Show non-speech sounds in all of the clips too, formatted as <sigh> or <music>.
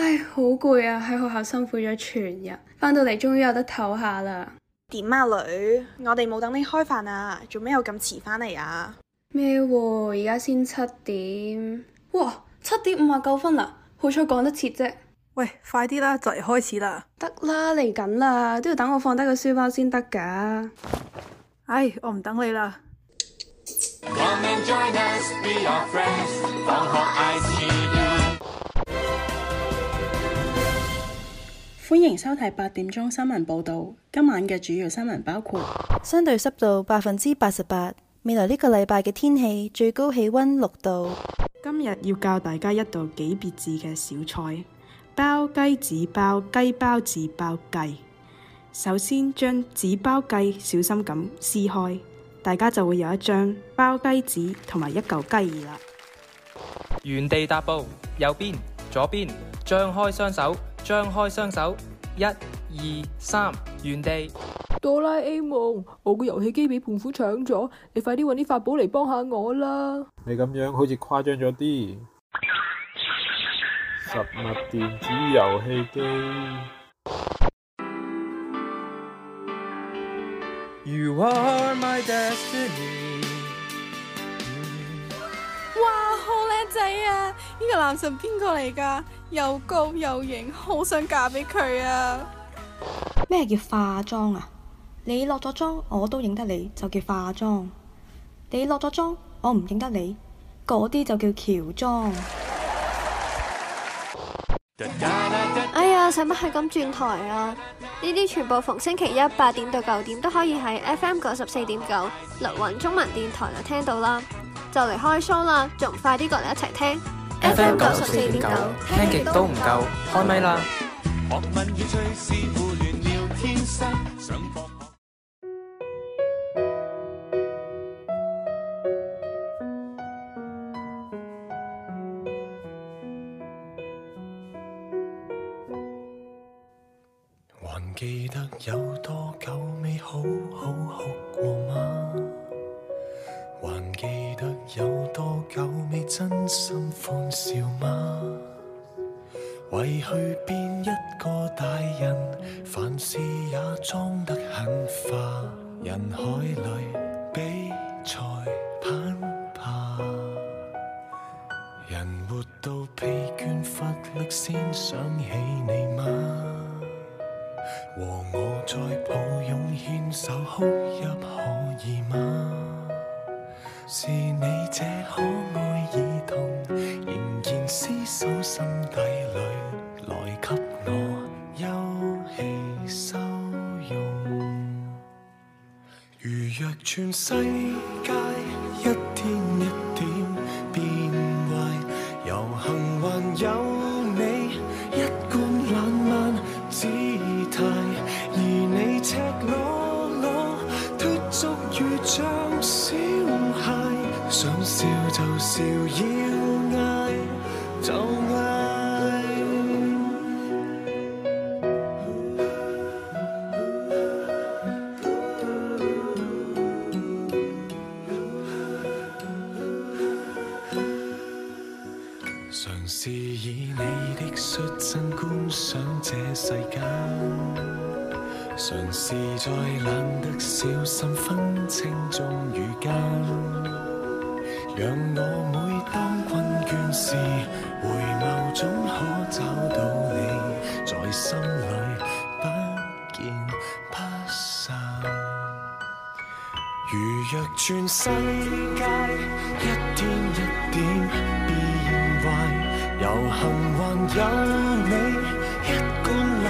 唉，好攰啊！喺學校辛苦咗全日，翻到嚟終於有得唞下啦。點啊女，我哋冇等你開飯啊，做咩又咁遲翻嚟啊？咩？而家先七點？哇，七點五十九分啦，好彩講得切啫、啊。喂，快啲啦，就嚟開始啦。得啦，嚟緊啦，都要等我放低個書包先得噶。唉、哎，我唔等你啦。歡迎收睇八點鐘新聞報道。今晚嘅主要新聞包括相對濕度百分之八十八。未來呢個禮拜嘅天氣最高氣温六度。今日要教大家一道幾別致嘅小菜——包雞紙包雞包紙包,包雞。首先將紙包雞小心咁撕開，大家就會有一張包雞紙同埋一嚿雞翼啦。原地踏步，右邊，左邊，張開雙手。.張開雙手，一、二、三，原地。哆啦 A 夢，我個遊戲機俾胖虎搶咗，你快啲揾啲法寶嚟幫下我啦！你咁樣好似誇張咗啲。實物電子遊戲機。You are my 哇，好靚仔啊！呢個男神邊個嚟噶？又高又型，好想嫁俾佢啊！咩叫化妝啊？你落咗妝，我都認得你，就叫化妝。你落咗妝，我唔認得你，嗰啲就叫喬裝。哎呀，使乜係咁轉台啊？呢啲全部逢星期一八點到九點都可以喺 FM 九十四點九綠雲中文電台就聽到啦。就嚟開 show 啦，仲快啲過嚟一齊聽。f m 九十四點九，9, 聽極都唔夠，夠開咪啦！嗯 <music> 想這世間，嘗試再懶得小心分清忠與奸。讓我每當困倦時，回眸總可找到你，在心裏不見不散。如若全世界一天一點變壞，猶幸還有你。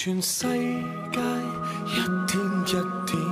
全世界一天一點。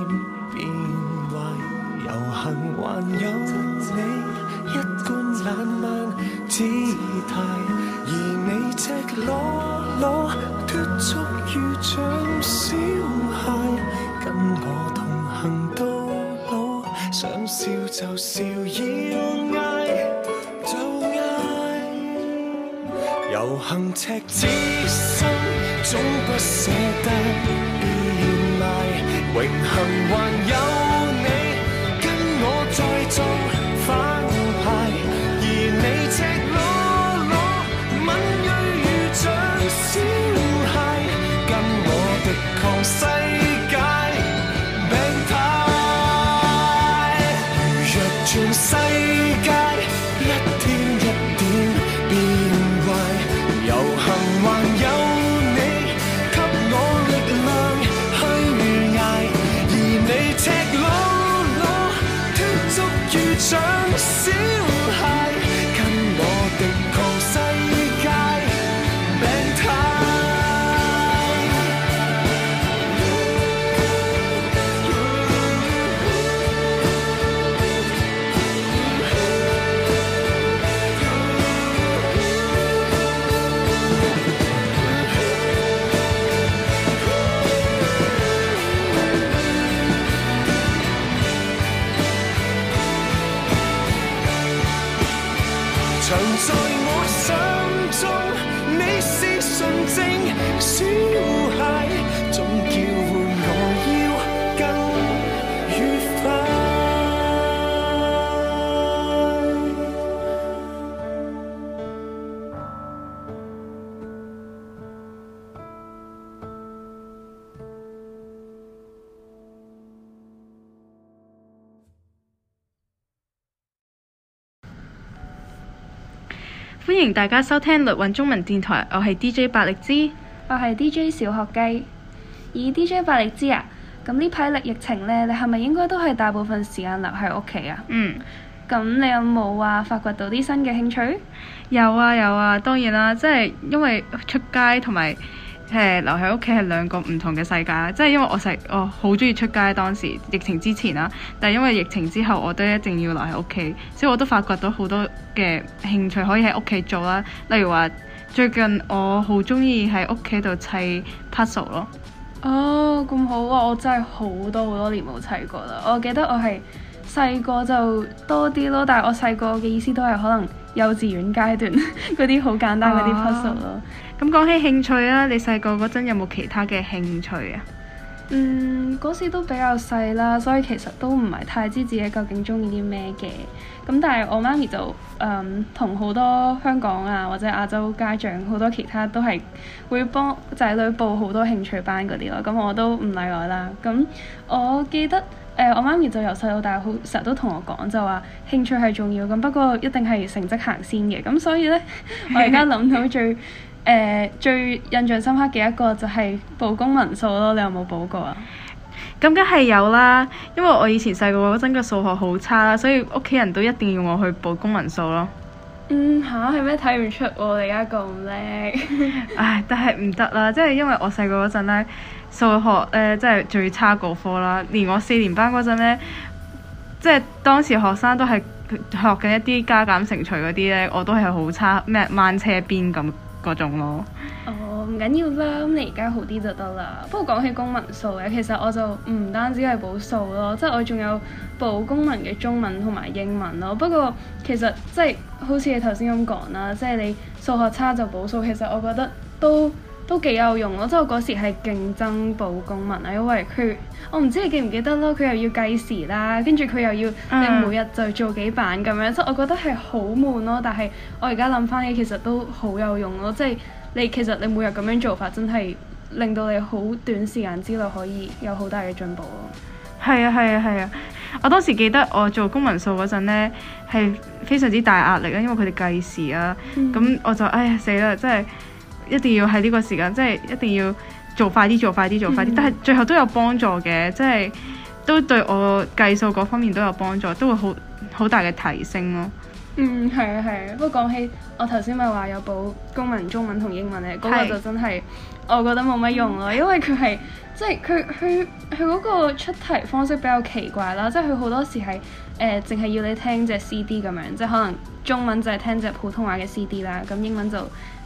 歡迎大家收聽雷韻中文電台，我係 D J 百力滋，我係 D J 小學雞。咦 D J 百力滋啊，咁呢排歷疫情咧，你係咪應該都係大部分時間留喺屋企啊？嗯，咁你有冇啊發掘到啲新嘅興趣？有啊有啊，當然啦，即係因為出街同埋。誒留喺屋企係兩個唔同嘅世界啦，即係因為我細我好中意出街，當時疫情之前啦，但係因為疫情之後我都一定要留喺屋企，所以我都發掘到好多嘅興趣可以喺屋企做啦，例如話最近我好中意喺屋企度砌 puzzle 咯。哦，咁好啊！我真係好多好多年冇砌過啦。我記得我係細個就多啲咯，但係我細個嘅意思都係可能幼稚園階段嗰啲好簡單嗰啲 puzzle 咯。Oh. 咁講起興趣啦，你細個嗰陣有冇其他嘅興趣啊？嗯，嗰時都比較細啦，所以其實都唔係太知自己究竟中意啲咩嘅。咁但係我媽咪就誒同好多香港啊或者亞洲家長好多其他都係會幫仔女報好多興趣班嗰啲咯。咁我都唔例外啦。咁我記得誒、呃、我媽咪就由細到大好成日都同我講就話興趣係重要咁，不過一定係成績行先嘅。咁所以呢，我而家諗到最～ <laughs> 誒、呃、最印象深刻嘅一個就係補公文數咯。你有冇補過啊？咁梗係有啦，因為我以前細個嗰陣個數學好差啦，所以屋企人都一定要我去補公文數咯。嗯吓？係咩？睇唔出我，你而家咁叻？ <laughs> 唉，但係唔得啦，即、就、係、是、因為我細個嗰陣咧數學誒，即、呃、係、就是、最差個科啦。連我四年班嗰陣咧，即、就、係、是、當時學生都係學緊一啲加減乘除嗰啲咧，我都係好差咩，掹車邊咁。嗰哦，唔緊要啦，咁你而家好啲就得啦。不過講起公文數嘅，其實我就唔單止係補數咯，即係我仲有補公文嘅中文同埋英文咯。不過其實即係好似你頭先咁講啦，即係你數學差就補數，其實我覺得都。都幾有用咯，即係我嗰時係競爭報公文，啊，因為佢我唔知你記唔記得咯，佢又要計時啦，跟住佢又要你每日就做幾版咁、嗯、樣，即係我覺得係好悶咯。但係我而家諗翻起，其實都好有用咯，即、就、係、是、你其實你每日咁樣做法，真係令到你好短時間之內可以有好大嘅進步咯。係啊係啊係啊！我當時記得我做公文數嗰陣咧，係非常之大壓力啊，因為佢哋計時啊，咁、嗯、我就哎呀死啦，真係～一定要喺呢個時間，即係一定要做快啲，做快啲，做快啲。嗯、但係最後都有幫助嘅，即係都對我計數嗰方面都有幫助，都會好好大嘅提升咯、哦。嗯，係啊，係啊。不過講起我頭先咪話有補公文、中文同英文咧，嗰、嗰個就真係我覺得冇乜用咯，是因為佢係即係佢佢佢嗰個出題方式比較奇怪啦，即係佢好多時係誒淨係要你聽隻 CD 咁樣，即係可能中文就係聽隻普通話嘅 CD 啦，咁英文就。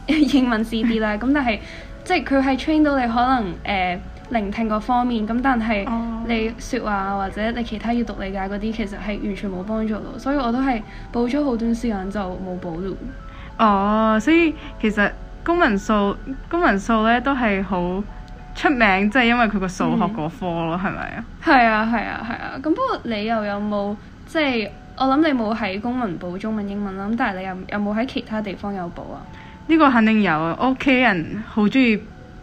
<laughs> 英文 CD 啦，咁 <laughs> 但係即係佢係 train 到你可能誒聆聽嗰方面，咁但係你説話或者你其他閱讀理解嗰啲，其實係完全冇幫助到。所以我都係補咗好短時間就冇補咯。哦，oh, 所以其實公文數公文數咧都係好出名，即係因為佢個數學嗰科咯，係咪、嗯、啊？係啊，係啊，係啊。咁不過你又有冇即係我諗你冇喺公文補中文英文啦，咁但係你又有冇喺其他地方有補啊？呢個肯定有啊！屋企人好中意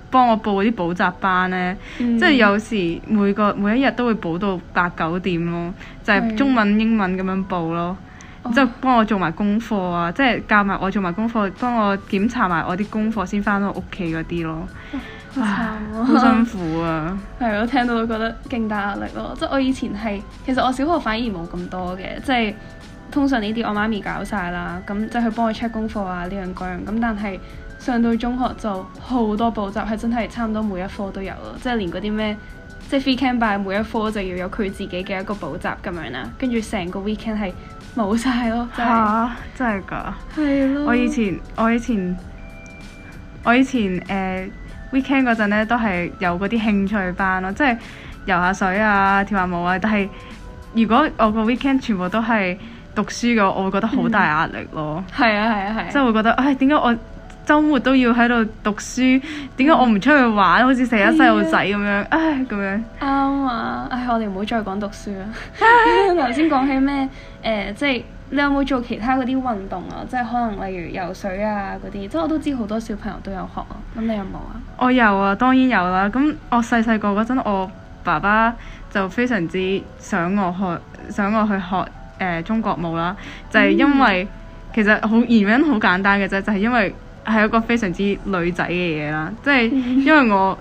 幫我報嗰啲補習班呢，嗯、即係有時每個每一日都會補到八九點咯，就係、是、中文、是英文咁樣報咯，之、oh. 後幫我做埋功課、oh, 唉啊，即係教埋我做埋功課，幫我檢查埋我啲功課先翻到屋企嗰啲咯。好辛苦啊！係啊， <laughs> 我聽到都覺得勁大壓力咯，即係我以前係其實我小學反而冇咁多嘅，即、就、係、是。通常呢啲我媽咪搞晒啦，咁即係去幫佢 check 功課啊，呢樣嗰樣。咁但係上到中學就好多補習，係真係差唔多每一科都有咯，即係連嗰啲咩即係 weekend 拜，每一科就要有佢自己嘅一個補習咁樣啦。跟住成個 weekend 係冇曬咯。嚇、啊！真係㗎？係咯了。我以前我以前我以前誒、呃、weekend 嗰陣咧，都係有嗰啲興趣班咯，即係游下水啊、跳下舞啊。但係如果我個 weekend 全部都係讀書嘅我會覺得好大壓力咯，係、嗯、啊係啊係，即係、啊、會覺得，唉點解我周末都要喺度讀書？點解、嗯、我唔出去玩？好似成日細路仔咁樣，啊、唉咁樣。啱、嗯、啊，唉我哋唔好再講讀書啦。頭先講起咩？誒、呃、即係你有冇做其他嗰啲運動啊？即係可能例如游水啊嗰啲，即係我都知好多小朋友都有學啊。咁你有冇啊？我有啊，當然有啦。咁我細細個嗰陣，我爸爸就非常之想我學，想我去學。誒、呃、中國舞啦，就係、是、因為、嗯、其實好原因好簡單嘅啫，就係、是、因為係一個非常之女仔嘅嘢啦，即、就、係、是、因為我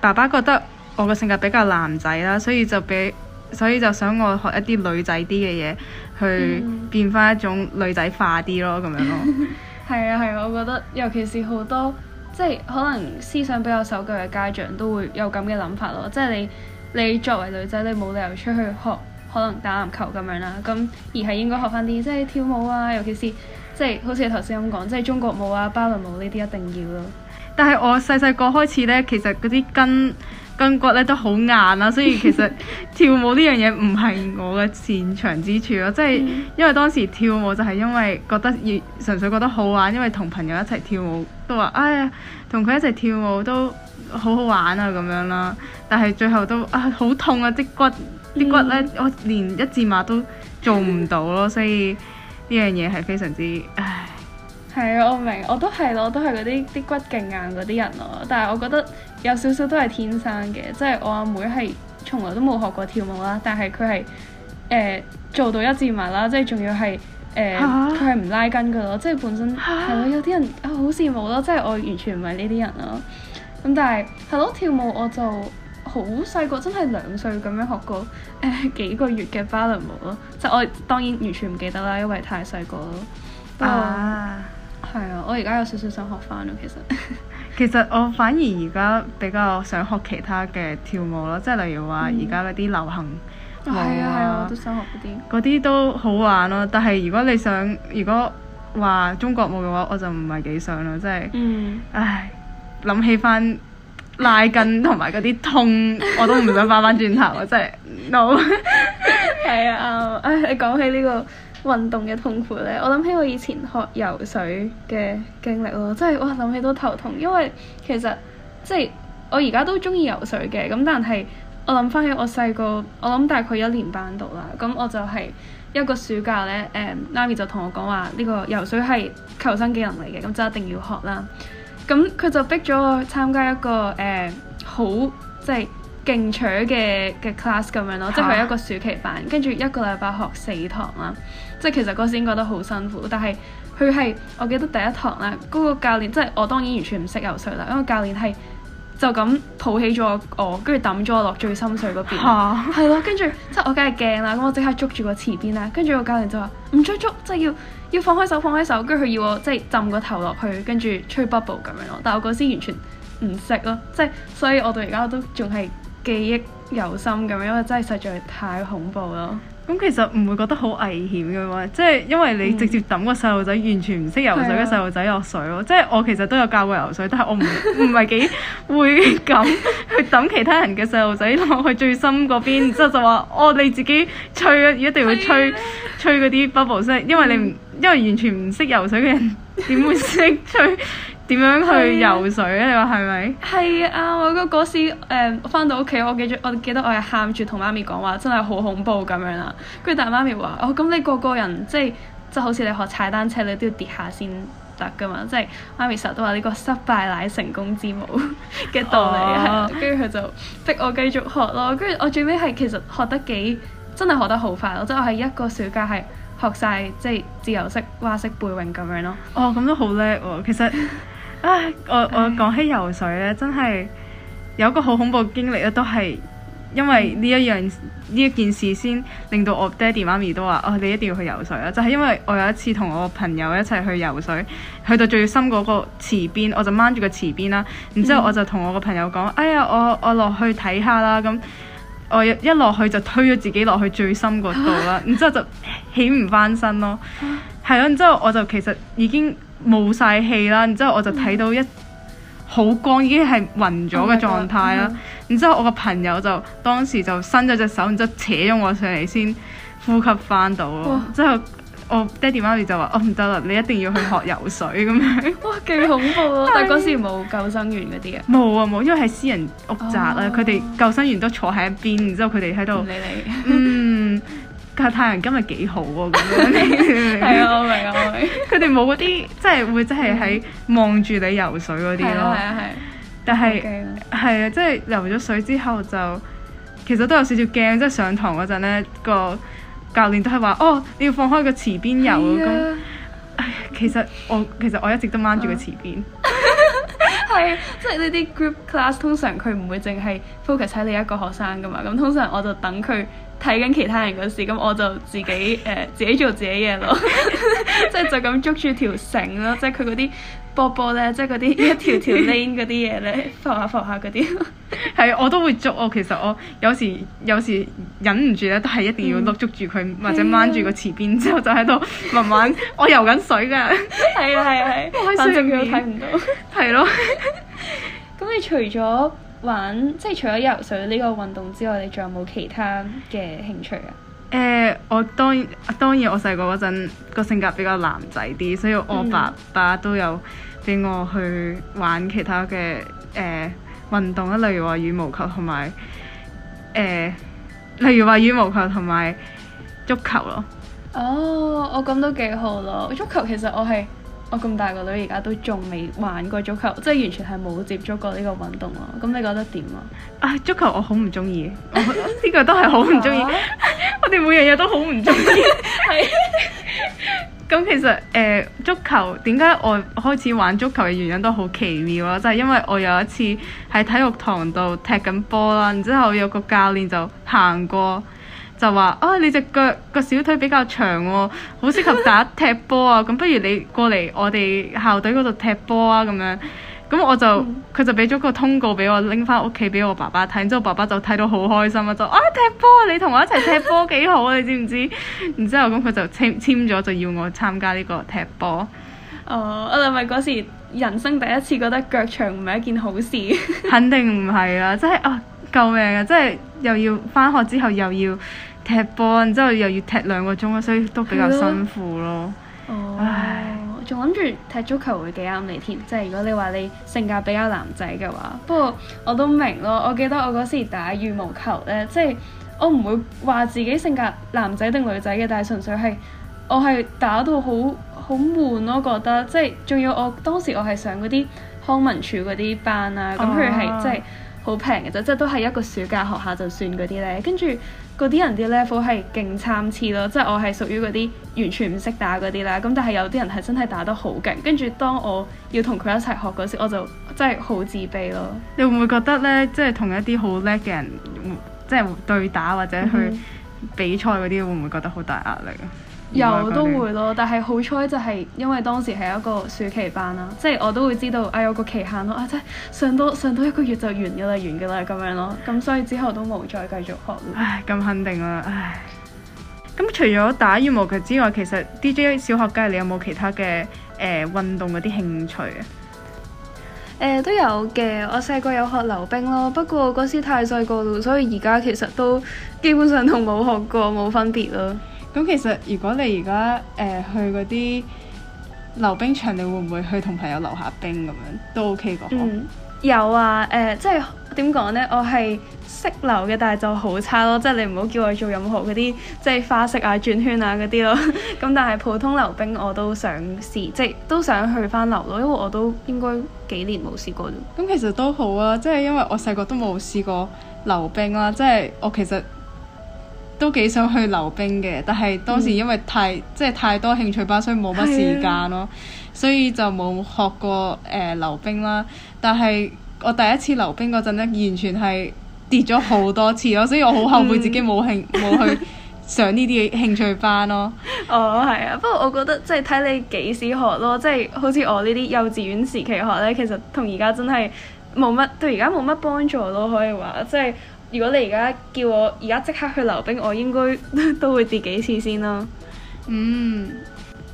爸爸覺得我個性格比較男仔啦，所以就俾所以就想我學一啲女仔啲嘅嘢，去變翻一種女仔化啲咯，咁、嗯、樣咯。係 <laughs> 啊，係、啊，我覺得尤其是好多即係可能思想比較守舊嘅家長都會有咁嘅諗法咯，即係你你作為女仔，你冇理由出去學。可能打籃球咁樣啦，咁而係應該學翻啲即係跳舞啊，尤其是即係好似頭先咁講，即係中國舞啊、芭蕾舞呢啲一定要咯。但係我細細個開始呢，其實嗰啲筋筋骨咧都好硬啊，所以其實跳舞呢樣嘢唔係我嘅擅長之處咯。即係 <laughs> 因為當時跳舞就係因為覺得覺得純粹覺得好玩，因為同朋友一齊跳舞都話，哎呀，同佢一齊跳舞都好好玩啊咁樣啦。但係最後都啊好痛啊啲骨。啲、嗯、骨咧，我連一字馬都做唔到咯，所以呢樣嘢係非常之唉。係啊，我明，我都係咯，都係嗰啲啲骨勁硬嗰啲人咯。但係我覺得有少少都係天生嘅，即係我阿妹係從來都冇學過跳舞啦，但係佢係誒做到一字馬啦，即係仲要係誒佢係唔拉筋嘅咯，即係本身係咯。啊、有啲人啊好羨慕咯，即係我完全唔係呢啲人咯。咁、嗯、但係係咯，跳舞我就。好細個真係兩歲咁樣學過誒、呃、幾個月嘅芭蕾舞咯，即係、我當然完全唔記得啦，因為太細個咯。啊，係啊，我而家有少少想學翻咯，其實。 <laughs> 其實我反而而家比較想學其他嘅跳舞咯，即係例如話而家嗰啲流行舞啊。係、嗯哦、啊，啊，我都想學嗰啲。嗰啲都好玩咯，啊，但係如果你想如果話中國舞嘅話，我就唔係幾想咯，即係。嗯。唉，諗起翻。拉筋同埋嗰啲痛，我都唔想翻翻轉頭啊！ <laughs> 真係，No，係啊，唉，講起呢個運動嘅痛苦咧，我諗起我以前學游水嘅經歷咯，真係哇，諗起都頭痛，因為其實即係我而家都中意游水嘅，咁但係我諗翻起我細個，我諗大概一年班度啦，咁我就係一個暑假咧，誒媽咪就同我講話呢個游水係求生技能嚟嘅，咁就一定要學啦。咁佢、嗯、就逼咗我參加一個誒、呃、好即係勁搶嘅嘅 class 咁樣咯，即係佢、啊、一個暑期班，跟住一個禮拜學四堂啦。即係其實嗰時覺得好辛苦，但係佢係我記得第一堂咧，嗰、那個教練即係我當然完全唔識游水啦，因、那、為、個、教練係就咁抱起咗我，跟住抌咗我落最深水嗰邊。嚇、啊！係咯，跟住即係我梗係驚啦，咁我即刻捉住個池邊啦，跟住個教練就話唔追捉，即、就、係、是、要。要放開手，放開手，跟住佢要我即係浸個頭落去，跟住吹 bubble 咁樣咯。但係我嗰時完全唔識咯，即係所以我到而家都仲係記憶猶深咁樣，因為真係實在太恐怖咯。咁其實唔會覺得好危險嘅嘛，即係因為你直接抌個細路仔完全唔識游水嘅細路仔落水咯。啊、即係我其實都有教過游水，但係我唔唔係幾會咁去抌其他人嘅細路仔落去最深嗰邊，之後 <laughs> 就話：哦，你自己吹啊，一定要吹、啊、吹嗰啲 bubble 先，因為你唔。 <laughs> <laughs> 因為完全唔識游水嘅人點 <laughs> 會識去點樣去游水咧？是啊、你話係咪？係啊！我個嗰時誒返、嗯、到屋企，我記住我記得我係喊住同媽咪講話，真係好恐怖咁樣啦。跟住但媽咪話：哦咁你個個人即係即係好似你學踩單車，你都要跌下先得噶嘛。即係媽咪成日都話呢個失敗乃成功之母嘅道理，係、oh. 啊。跟住佢就逼我繼續學咯。跟住我最尾係其實學得幾真係學得好快，即我即係我係一個暑假係。學晒，即係自由式、蛙式、背泳咁樣咯。哦，咁都好叻喎。其實唉，我我講起游水咧，真係有一個好恐怖經歷咧，都係因為呢一樣呢、嗯、一件事先令到我爹哋媽咪都話：哦，你一定要去游水啦。就係、是、因為我有一次同我朋友一齊去游水，去到最深嗰個池邊，我就掹住個池邊啦。然之後我就同我個朋友講：嗯、哎呀，我我落去睇下啦。咁我一落去就推咗自己落去最深嗰度啦。啊、然之後就～起唔翻身咯，係咯，然之後我就其實已經冇晒氣啦，然之後我就睇到一好光，已經係暈咗嘅狀態啦。然之後我個朋友就當時就伸咗隻手，然之後扯咗我上嚟先呼吸翻到咯。之後我爹地媽咪就話：哦，唔得啦，你一定要去學游水咁樣。哇，幾恐怖咯！但係嗰時冇救生員嗰啲啊？冇啊冇，因為係私人屋宅啦。佢哋救生員都坐喺一邊，然之後佢哋喺度。你你嗯。架太陽今日幾好喎，咁樣啲係啊！我明啊，我明，佢哋冇嗰啲即係會即係喺望住你游水嗰啲咯。係啊係， <laughs> 但係係啊，即係游咗水之後就其實都有少少驚。即係上堂嗰陣咧，個教練都係話：哦，你要放開個池邊游咁。 <laughs> 其實我其實我一直都掹住個池邊。係即係呢啲 group class，通常佢唔會淨係 focus 喺你一個學生噶嘛。咁通常我就等佢。睇緊其他人嗰事，咁我就自己誒、呃、自己做自己嘢咯，即 <laughs> 係就咁捉住條繩咯，即係佢嗰啲波波咧，即係嗰啲一條條 lane 嗰啲嘢咧，浮下浮下嗰啲。係，我都會捉。我其實我有時有時忍唔住咧，都係一定要碌捉住佢，嗯、或者掹住個池邊，之、啊、後就喺度慢慢我游緊水㗎。係啊係啊係，啊啊 <laughs> 反正佢睇唔到。係咯 <laughs> 了，咁 <laughs> 你除咗。玩即係除咗游水呢個運動之外，你仲有冇其他嘅興趣啊？誒、呃，我當然當然，我細個嗰陣個性格比較男仔啲，所以我爸爸都有俾我去玩其他嘅誒、呃、運動啊，例如話羽毛球同埋誒，例如話羽毛球同埋足球咯。哦，我咁都幾好咯！足球其實我係。我咁大個女而家都仲未玩過足球，即係完全係冇接觸過呢個運動咯。咁你覺得點啊？啊，足球我好唔中意，呢個都係好唔中意。我哋 <laughs> <laughs> 每樣嘢都好唔中意。係。咁其實誒、呃、足球點解我開始玩足球嘅原因都好奇妙啦，就係、是、因為我有一次喺體育堂度踢緊波啦，然之後有個教練就行過。就話啊，你隻腳、個小腿比較長喎、哦，好適合打踢波啊！咁 <laughs> 不如你過嚟我哋校隊嗰度踢波啊！咁樣咁我就佢、嗯、就俾咗個通告俾我拎翻屋企俾我爸爸睇，之後爸爸就睇到好開心啊，就話啊，踢波啊！你同我一齊踢波幾好啊！ <laughs> 你知唔知？然之後咁佢就簽簽咗，就要我參加呢個踢波。哦，我諗係嗰時人生第一次覺得腳長唔係一件好事。 <laughs> 肯定唔係啦，即係啊，救命啊！即係又要翻學之後又要。踢波，然之後又要踢兩個鐘啊，所以都比較辛苦咯。哦、啊，仲諗住踢足球會幾啱你添？即係如果你話你性格比較男仔嘅話，不過我都明咯。我記得我嗰時打羽毛球咧，即係我唔會話自己性格男仔定女仔嘅，但係純粹係我係打到好好悶咯，覺得即係仲要我。我當時我係上嗰啲康文署嗰啲班啊。咁佢係即係好平嘅啫，即係都係一個暑假學下就算嗰啲咧，跟住。嗰啲人啲 level 係勁參差咯，即係我係屬於嗰啲完全唔識打嗰啲啦，咁但係有啲人係真係打得好勁，跟住當我要同佢一齊學嗰時，我就真係好自卑咯。你會唔會覺得呢？即係同一啲好叻嘅人，即係對打或者去比賽嗰啲，mm hmm. 會唔會覺得好大壓力啊？有都會咯，但係好彩就係因為當時係一個暑期班啦，即係我都會知道啊有個期限咯啊，即係上到上到一個月就完咗啦，完咗啦咁樣咯，咁所以之後都冇再繼續學啦。唉，咁肯定啦，唉。咁除咗打羽毛球之外，其實 DJ 小學雞，你有冇其他嘅誒、呃、運動嗰啲興趣啊、呃？都有嘅，我細個有學溜冰咯，不過嗰時太細個啦，所以而家其實都基本上同冇學過冇分別咯。咁其實如果你而家誒去嗰啲溜冰場，你會唔會去同朋友溜下冰咁樣都 OK 個？嗯，有啊，誒、呃，即係點講呢？我係識溜嘅，但係就好差咯，即係你唔好叫我做任何嗰啲即係花式啊、轉圈啊嗰啲咯。咁 <laughs> 但係普通溜冰我都想試，即係都想去翻溜咯，因為我都應該幾年冇試過咗。咁、嗯、其實都好啊，即係因為我細個都冇試過溜冰啦，即係我其實。都幾想去溜冰嘅，但係當時因為太、嗯、即係太多興趣班，所以冇乜時間咯，啊、所以就冇學過誒、呃、溜冰啦。但係我第一次溜冰嗰陣咧，完全係跌咗好多次咯，所以我好後悔自己冇興冇、嗯、 <laughs> 去上呢啲嘅興趣班咯。哦，係啊，不過我覺得即係睇你幾時學咯，即、就、係、是、好似我呢啲幼稚園時期學咧，其實同而家真係冇乜對而家冇乜幫助咯，可以話即係。就是如果你而家叫我而家即刻去溜冰，我應該都會跌幾次先咯。嗯，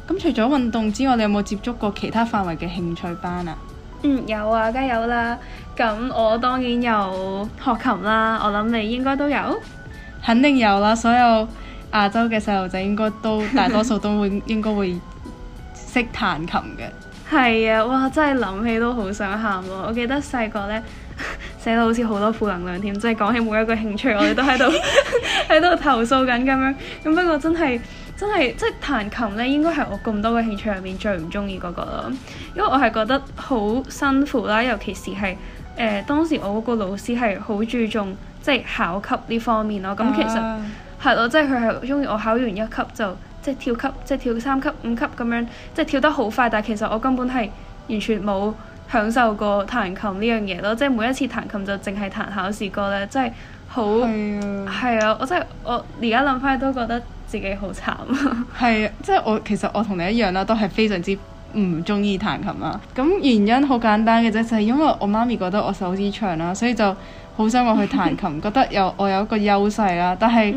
咁除咗運動之外，你有冇接觸過其他範圍嘅興趣班啊？嗯，有啊，梗有啦。咁我當然有學琴啦。我諗你應該都有，肯定有啦。所有亞洲嘅細路仔應該都大多數都會 <laughs> 應該會識彈琴嘅。係啊，哇！真係諗起都好想喊喎啊。我記得細個咧。 <laughs> 寫到好似好多負能量添，即係講起每一個興趣，我哋都喺度喺度投訴緊咁樣。咁不過真係真係即係彈琴咧，應該係我咁多個興趣入面最唔中意嗰個咯。因為我係覺得好辛苦啦，尤其是係誒、呃、當時我嗰個老師係好注重即係、就是、考級呢方面咯。咁其實係咯，即係佢係中意我考完一級就即係、就是、跳級，即、就、係、是、跳三級、五級咁樣，即、就、係、是、跳得好快。但係其實我根本係完全冇享受過彈琴呢樣嘢咯，即係每一次彈琴就淨係彈考試歌咧，真係好係啊！我真係我而家諗翻都覺得自己好慘啊！係啊，即係我其實我同你一樣啦，都係非常之唔中意彈琴啦。咁原因好簡單嘅啫，就係、是、因為我媽咪覺得我手指長啦，所以就好想我去彈琴， <laughs> 覺得有我有一個優勢啦。但係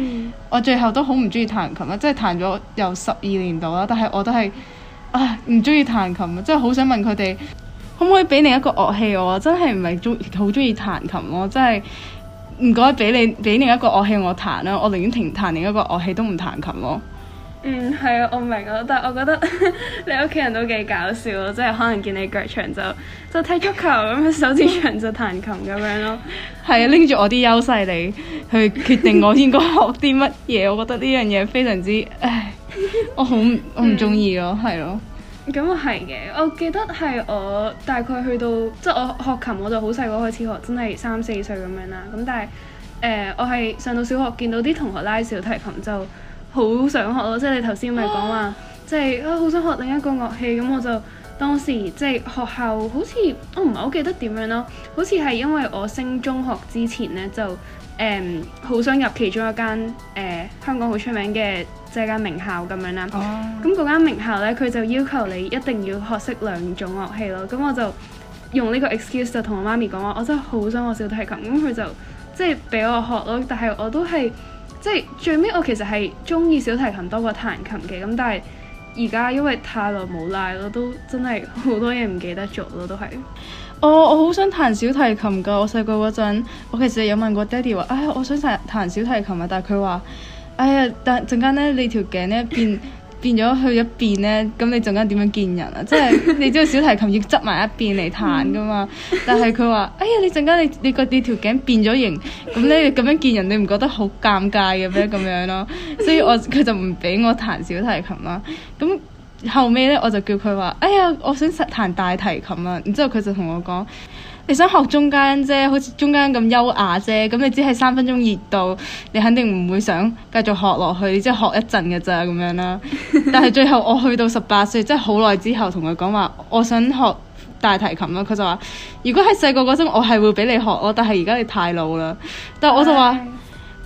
我最後都好唔中意彈琴啊！即係彈咗有十二年度啦，但係我都係啊唔中意彈琴啊！即係好想問佢哋。可唔可以俾另一個樂器我、啊？真係唔係中好中意彈琴咯，真係唔該俾你俾另一個樂器我彈啦、啊。我寧願停彈另一個樂器都唔彈琴咯。嗯，係啊，我明啊，但係我覺得 <laughs> 你屋企人都幾搞笑咯，即係可能見你腳長就就踢足球咁樣，手指長就彈琴咁樣咯。係啊， <laughs> 拎住我啲優勢嚟去決定我應該學啲乜嘢， <laughs> 我覺得呢樣嘢非常之唉，我好我唔中意咯，係咯。咁啊係嘅，我記得係我大概去到即係我學琴，我就好細個開始學，真係三四歲咁樣啦。咁但係誒、呃，我係上到小學見到啲同學拉小提琴，就好想學咯。即係你頭先咪講話，即係啊好、即係啊、想學另一個樂器。咁我就當時即係、即係、學校好，好似我唔係好記得點樣咯。好似係因為我升中學之前呢，就誒好、嗯、想入其中一間誒、呃、香港好出名嘅。即係間名校咁樣啦，咁嗰間名校呢，佢就要求你一定要學識兩種樂器咯。咁、嗯、我就用呢個 excuse 就同我媽咪講話，我真係好想學小提琴。咁、嗯、佢就即係俾我學咯。但係我都係即係最尾我其實係中意小提琴多過彈琴嘅。咁、嗯、但係而家因為太耐冇拉咯，都真係好多嘢唔記得咗咯，都係。哦，我好想彈小提琴噶。我細個嗰陣，我其實有問過爹哋話，唉，我想彈彈小提琴啊，但係佢話。哎呀！但係陣間咧，你條頸咧變變咗去一邊咧，咁你陣間點樣見人啊？即係你知道小提琴要執埋一邊嚟彈噶嘛？但係佢話：哎呀！你陣間你你個你條頸變咗形，咁咧咁樣見人，你唔覺得好尷尬嘅咩？咁樣咯，所以我佢就唔俾我彈小提琴啦。咁後尾咧，我就叫佢話：哎呀！我想實彈大提琴啦。然之後佢就同我講。你想學中間啫，好似中間咁優雅啫。咁你只係三分鐘熱度，你肯定唔會想繼續學落去。即係學一陣嘅咋咁樣啦。但係最後我去到十八歲， <laughs> 即係好耐之後，同佢講話，我想學大提琴啦。佢就話：如果喺細個嗰陣，我係會俾你學咯。但係而家你太老啦。但係我就話：，Hi.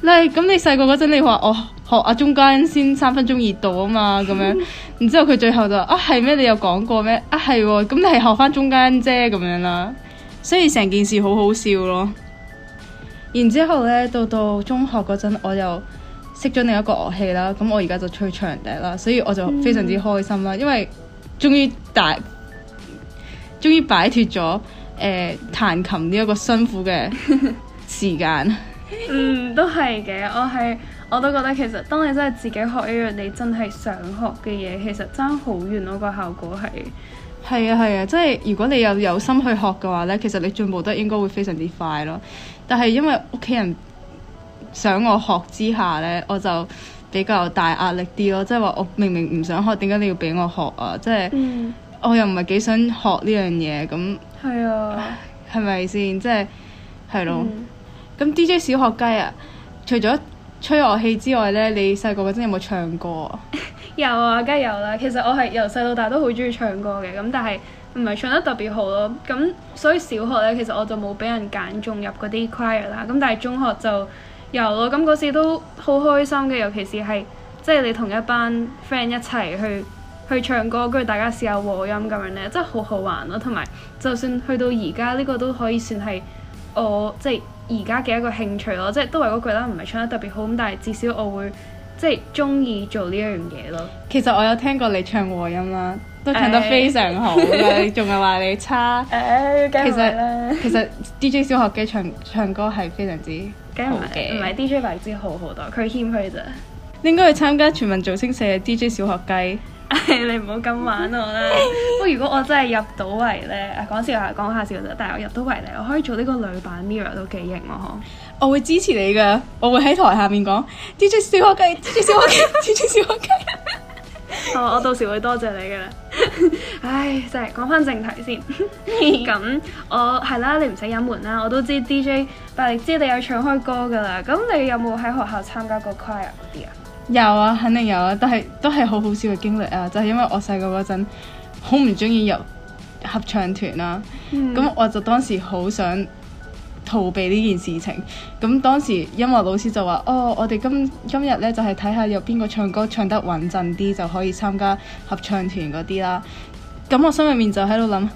你咁你細個嗰陣，你話我學啊中間先三分鐘熱度啊嘛咁樣。 <laughs> 然之後佢最後就啊係咩？你有講過咩？啊係，喎，咁你係學翻中間啫咁樣啦。所以成件事好好笑咯，然之後呢，到到中學嗰陣，我又識咗另一個樂器啦，咁我而家就吹長笛啦，所以我就非常之開心啦，嗯，因為終於擺終於擺脫咗誒彈琴呢一個辛苦嘅 <laughs> 時間。嗯，都係嘅，我係我都覺得其實當你真係自己學一樣，你真係想學嘅嘢，其實爭好遠咯，個效果係。係啊，係啊，即係如果你有有心去學嘅話呢，其實你進步得應該會非常之快咯。但係因為屋企人想我學之下呢，我就比較大壓力啲咯。即係話我明明唔想學，點解你要俾我學啊？即係、嗯、我又唔係幾想學呢樣嘢咁。係啊，係咪先？即係係咯。咁、嗯、DJ 小學雞啊，除咗吹樂器之外呢，你細個嗰陣有冇唱過啊？ <laughs> 有啊，梗係有啦。其實我係由細到大都好中意唱歌嘅，咁但係唔係唱得特別好咯。咁所以小學呢，其實我就冇俾人揀中入嗰啲 choir 啦。咁但係中學就有咯。咁嗰時都好開心嘅，尤其是係即係你同一班 friend 一齊去去唱歌，跟住大家試下和音咁樣呢，真係好好玩咯。同埋就算去到而家呢個都可以算係我即係而家嘅一個興趣咯。即係都係嗰句啦，唔係唱得特別好，咁但係至少我會。即係中意做呢一樣嘢咯。其實我有聽過你唱和音啦，都唱得非常好嘅，仲係話你差。哎，其實其實 DJ 小學雞唱唱歌係非常之勁唔係，DJ 百力滋好好多，佢謙虛咋。應該去參加全民造星四嘅 DJ 小學雞。 <laughs> 你唔好咁玩我啦！不 <laughs> 過如果我真係入到圍咧、啊，講笑話講下笑啫。但係我入到圍嚟，我可以做呢個女版 Mirror 都幾型喎、啊！我會支持你嘅，我會喺台下面講 DJ 小學雞，DJ 小學雞，DJ 小學雞。我到時會多謝,謝你嘅啦。 <laughs> 唉，真係講翻正題先。咁 <laughs> 我係啦，你唔使隱瞞啦，我都知 DJ，但係你知你有唱開歌噶啦。咁你有冇喺學校參加過 choir 啲啊？有啊，肯定有啊，都係都係好好笑嘅經歷啊。就係、是、因為我細個嗰陣好唔中意入合唱團啦、啊，咁、嗯、我就當時好想逃避呢件事情。咁當時音樂老師就話：哦，我哋今今日呢，就係睇下有邊個唱歌唱得穩陣啲，就可以參加合唱團嗰啲啦。咁我心裏面就喺度諗，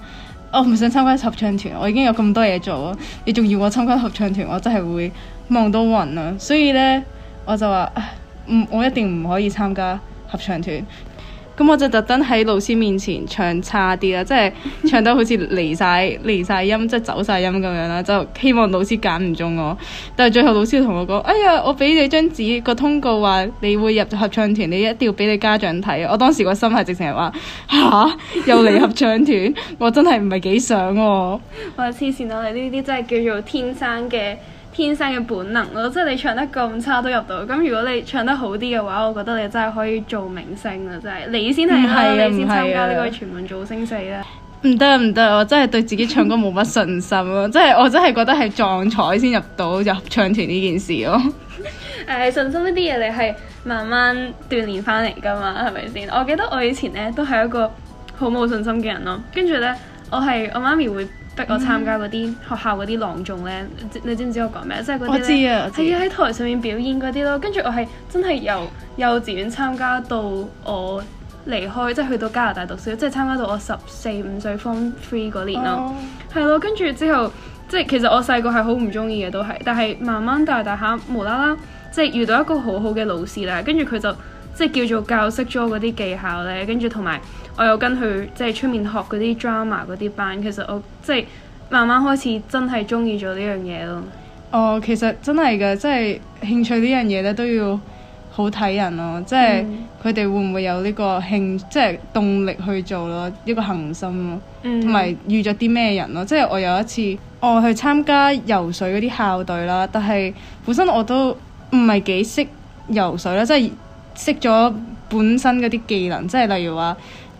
我、哦、唔想參加合唱團，我已經有咁多嘢做啊。你仲要我參加合唱團，我真係會望到暈啊。所以呢，我就話。我一定唔可以參加合唱團。咁我就特登喺老師面前唱差啲啦，即係唱得好似離晒離曬音，即係走晒音咁樣啦。就希望老師揀唔中我。但係最後老師同我講：哎呀，我畀你張紙個通告話，你會入咗合唱團，你一定要畀你家長睇。我當時個心係直情係話：吓、啊，又嚟合唱團， <laughs> 我真係唔係幾想喎。話黐線啊！你呢啲真係叫做天生嘅。天生嘅本能咯，即係你唱得咁差都入到。咁如果你唱得好啲嘅話，我覺得你真係可以做明星啊！真係你先係，你先參加呢個、啊、全民造星四啦。唔得唔得，我真係對自己唱歌冇乜信心咯。 <laughs> 即係我真係覺得係撞彩先入到入唱團呢件事咯。誒、 <laughs> 呃，信心呢啲嘢你係慢慢鍛鍊翻嚟噶嘛，係咪先？我記得我以前呢，都係一個好冇信心嘅人咯，跟住呢，我係我媽咪會。逼我參加嗰啲學校嗰啲朗誦咧，你知唔知我講咩啊？即係嗰啲，我知啊，係喺台上面表演嗰啲咯。跟住我係真係由幼稚園參加到我離開，即係去到加拿大讀書，即係參加到我十四五歲 form three 嗰年咯。係咯，跟住之後即係其實我細個係好唔中意嘅都係，但係慢慢大大下無啦啦，即係遇到一個好好嘅老師啦，跟住佢就。即係叫做教識咗嗰啲技巧咧，跟住同埋我有跟佢即係出面學嗰啲 drama 嗰啲班。其實我即係慢慢開始真係中意咗呢樣嘢咯。哦，其實真係嘅，即係興趣呢樣嘢咧都要好睇人咯。即係佢哋會唔會有呢個興即係動力去做咯？一個恒心咯，同埋、嗯、哼遇咗啲咩人咯？即係我有一次我去參加游水嗰啲校隊啦，但係本身我都唔係幾識游水啦，即係。識咗本身嗰啲技能，即係例如話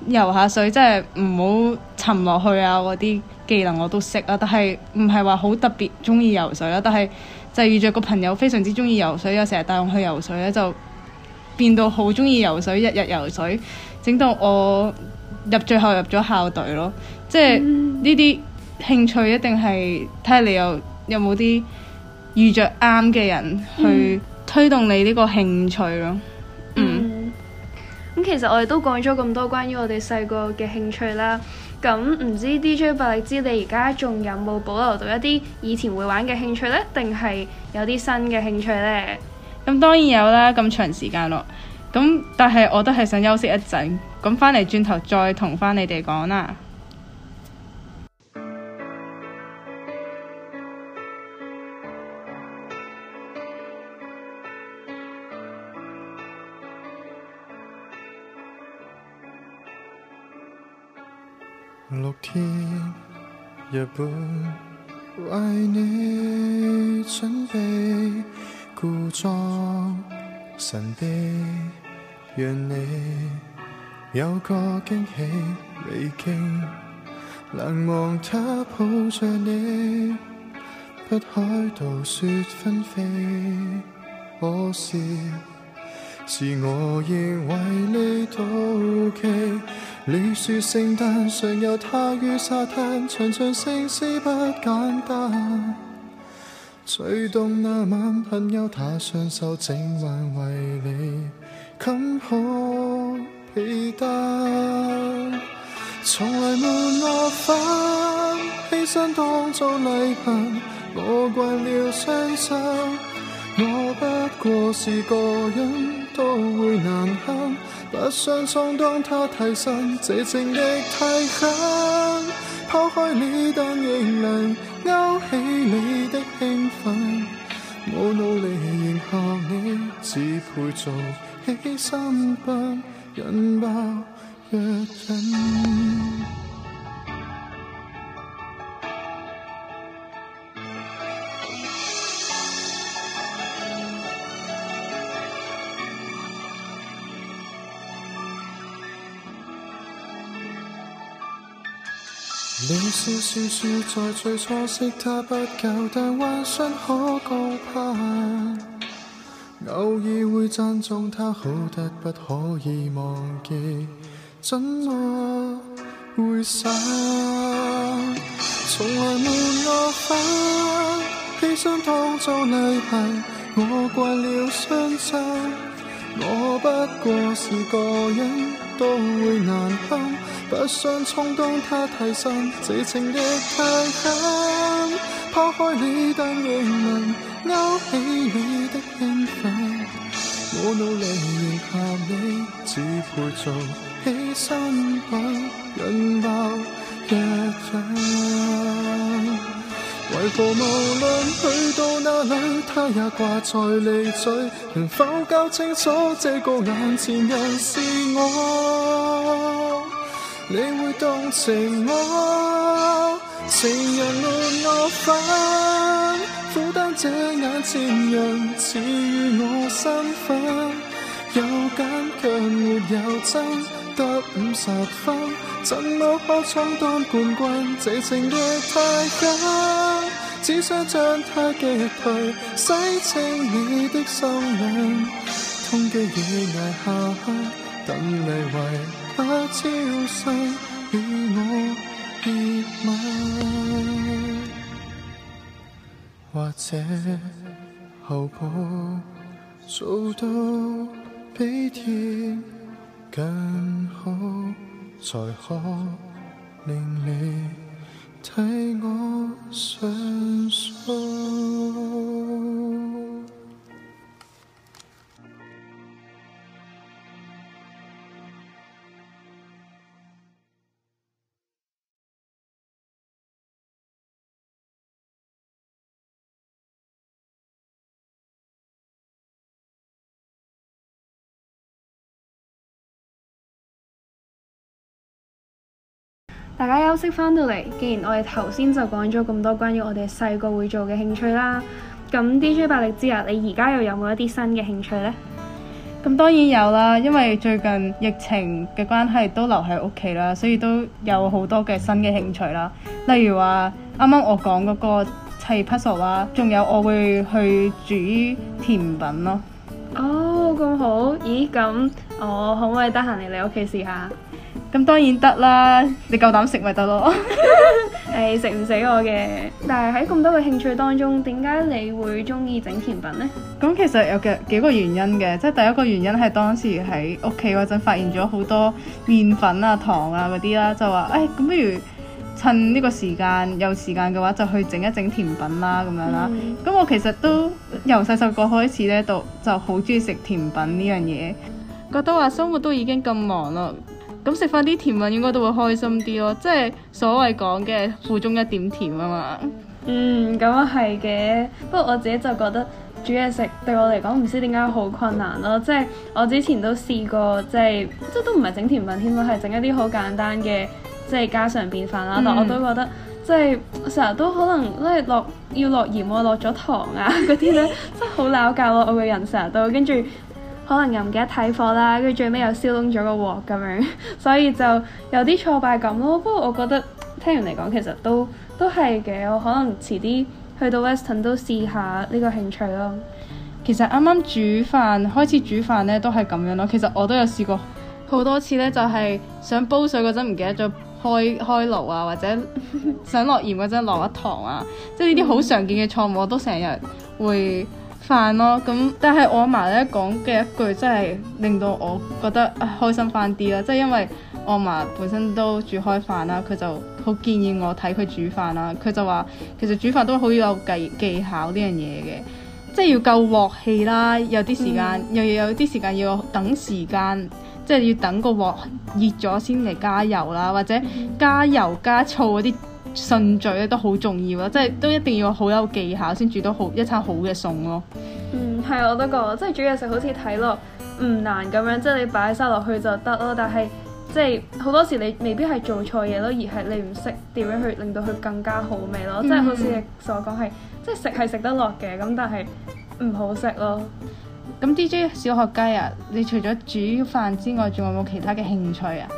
遊下水，即係唔好沉落去啊。嗰啲技能我都識啊，但係唔係話好特別中意游水啦。但係就係遇着個朋友非常之中意游水，又成日帶我去游水咧，就變到好中意游水，日日游水，整到我入最後入咗校隊咯。即係呢啲興趣一定係睇下你有有冇啲遇着啱嘅人去推動你呢個興趣咯。其實我哋都講咗咁多關於我哋細個嘅興趣啦，咁、嗯、唔知 DJ 百力滋你而家仲有冇保留到一啲以前會玩嘅興趣呢？定係有啲新嘅興趣呢？咁當然有啦，咁長時間咯，咁但係我都係想休息一陣，咁返嚟轉頭再同返你哋講啦。天日本為你準備故裝神秘讓你有個驚喜。未經難忘，他抱着你，北海道雪紛飛，可是。是我仍為你妒忌，你説聖誕上有他於沙灘，長長聖詩不簡單。最凍那晚，朋友他雙手整晚為你襟鋪被單，從來沒落花犧牲當做禮品，我慣了傷心，我不過是個人。都會難堪，不想充當他替身，這情亦太狠。拋開你，但仍能勾起你的興奮。我努力迎合你，只配做犧牲品引爆藥引。你笑笑說在最初識他不夠，但幻想可高攀。偶爾會讚頌他好得不可以忘記，怎麼會散？從來沒落魄，披身當做泥巴，我慣了傷心，我不過是個人。都會難堪，不想充當他替身，這情亦太狠。拋開你但未能勾起你的興奮。我努力迎合你，只配做犧牲不引爆一枕。為何無論去到哪裏，他也掛在你嘴？能否搞清楚這個眼前人是我？你會動情麼？情人換我分，負擔這眼前人賜予我身份，有假卻沒有真。得五十分，怎麼可充當冠軍？這情敵太假，只想將他擊退，洗清你的心眼。痛極也捱下去，等你為他超生，與我結吻，或者後補做到比天。更好，才可令你替我上訴。大家休息翻到嚟，既然我哋頭先就講咗咁多關於我哋細個會做嘅興趣啦，咁 DJ 百力滋啊，你而家又有冇一啲新嘅興趣呢？咁當然有啦，因為最近疫情嘅關係都留喺屋企啦，所以都有好多嘅新嘅興趣啦。例如話啱啱我講嗰個砌 puzzle 啊，仲有，我會去煮甜品咯。哦，咁好，咦，咁我可唔可以得閒嚟你屋企試下？咁當然得啦，你夠膽食咪得咯？誒，食唔死我嘅。但係喺咁多個興趣當中，點解你會中意整甜品呢？咁其實有幾幾個原因嘅，即係第一個原因係當時喺屋企嗰陣發現咗好多麵粉啊、糖啊嗰啲啦，就話誒，咁、哎、不如趁呢個時間，有時間嘅話就去整一整甜品啦、啊、咁樣啦。咁、嗯、我其實都由細細個開始咧，就就好中意食甜品呢樣嘢，覺得話生活都已經咁忙咯。咁食翻啲甜品應該都會開心啲咯，即係所謂講嘅苦中一點甜啊嘛，嗯。嗯，咁啊係嘅。不過我自己就覺得煮嘢食對我嚟講唔知點解好困難咯，即係我之前都試過，即係即都唔係整甜品添咯，係整一啲好簡單嘅即係家常便飯啦。嗯、但我都覺得即係成日都可能都係落要落鹽啊，落咗糖啊嗰啲咧，呢 <laughs> 真係好鬧交，我個人成日都跟住。可能又唔記得睇火啦，跟住最尾又燒窿咗個鑊咁樣，所以就有啲挫敗感咯。不過我覺得聽完嚟講，其實都都係嘅。我可能遲啲去到 Weston 都試下呢個興趣咯。其實啱啱煮飯開始煮飯咧，都係咁樣咯。其實我都有試過好多次咧，就係、是、想煲水嗰陣唔記得咗開開爐啊，或者 <laughs> 想落鹽嗰陣落一糖啊，即係呢啲好常見嘅錯誤，我都成日會。飯咯，咁但係我阿嫲咧講嘅一句真係令到我覺得開心翻啲啦，即係因為我阿嫲本身都煮開飯啦，佢就好建議我睇佢煮飯啦，佢就話其實煮飯都好有技技巧呢樣嘢嘅，即係要夠鑊氣啦，有啲時間、嗯、又要有啲時間要等時間，即係要等個鑊熱咗先嚟加油啦，或者、嗯、加油加醋嗰啲。順序咧都好重要咯，即係都一定要好有技巧先煮到好一餐好嘅餸咯。嗯，係啊，我都覺即係煮嘢食好似睇落唔難咁樣，即係你擺晒落去就得咯。但係即係好多時你未必係做錯嘢，嗯、咯，而係你唔識點樣去令到佢更加好味咯。即係好似你所講係，即係食係食得落嘅，咁但係唔好食咯。咁 D J 小學雞啊，你除咗煮飯之外，仲有冇其他嘅興趣啊？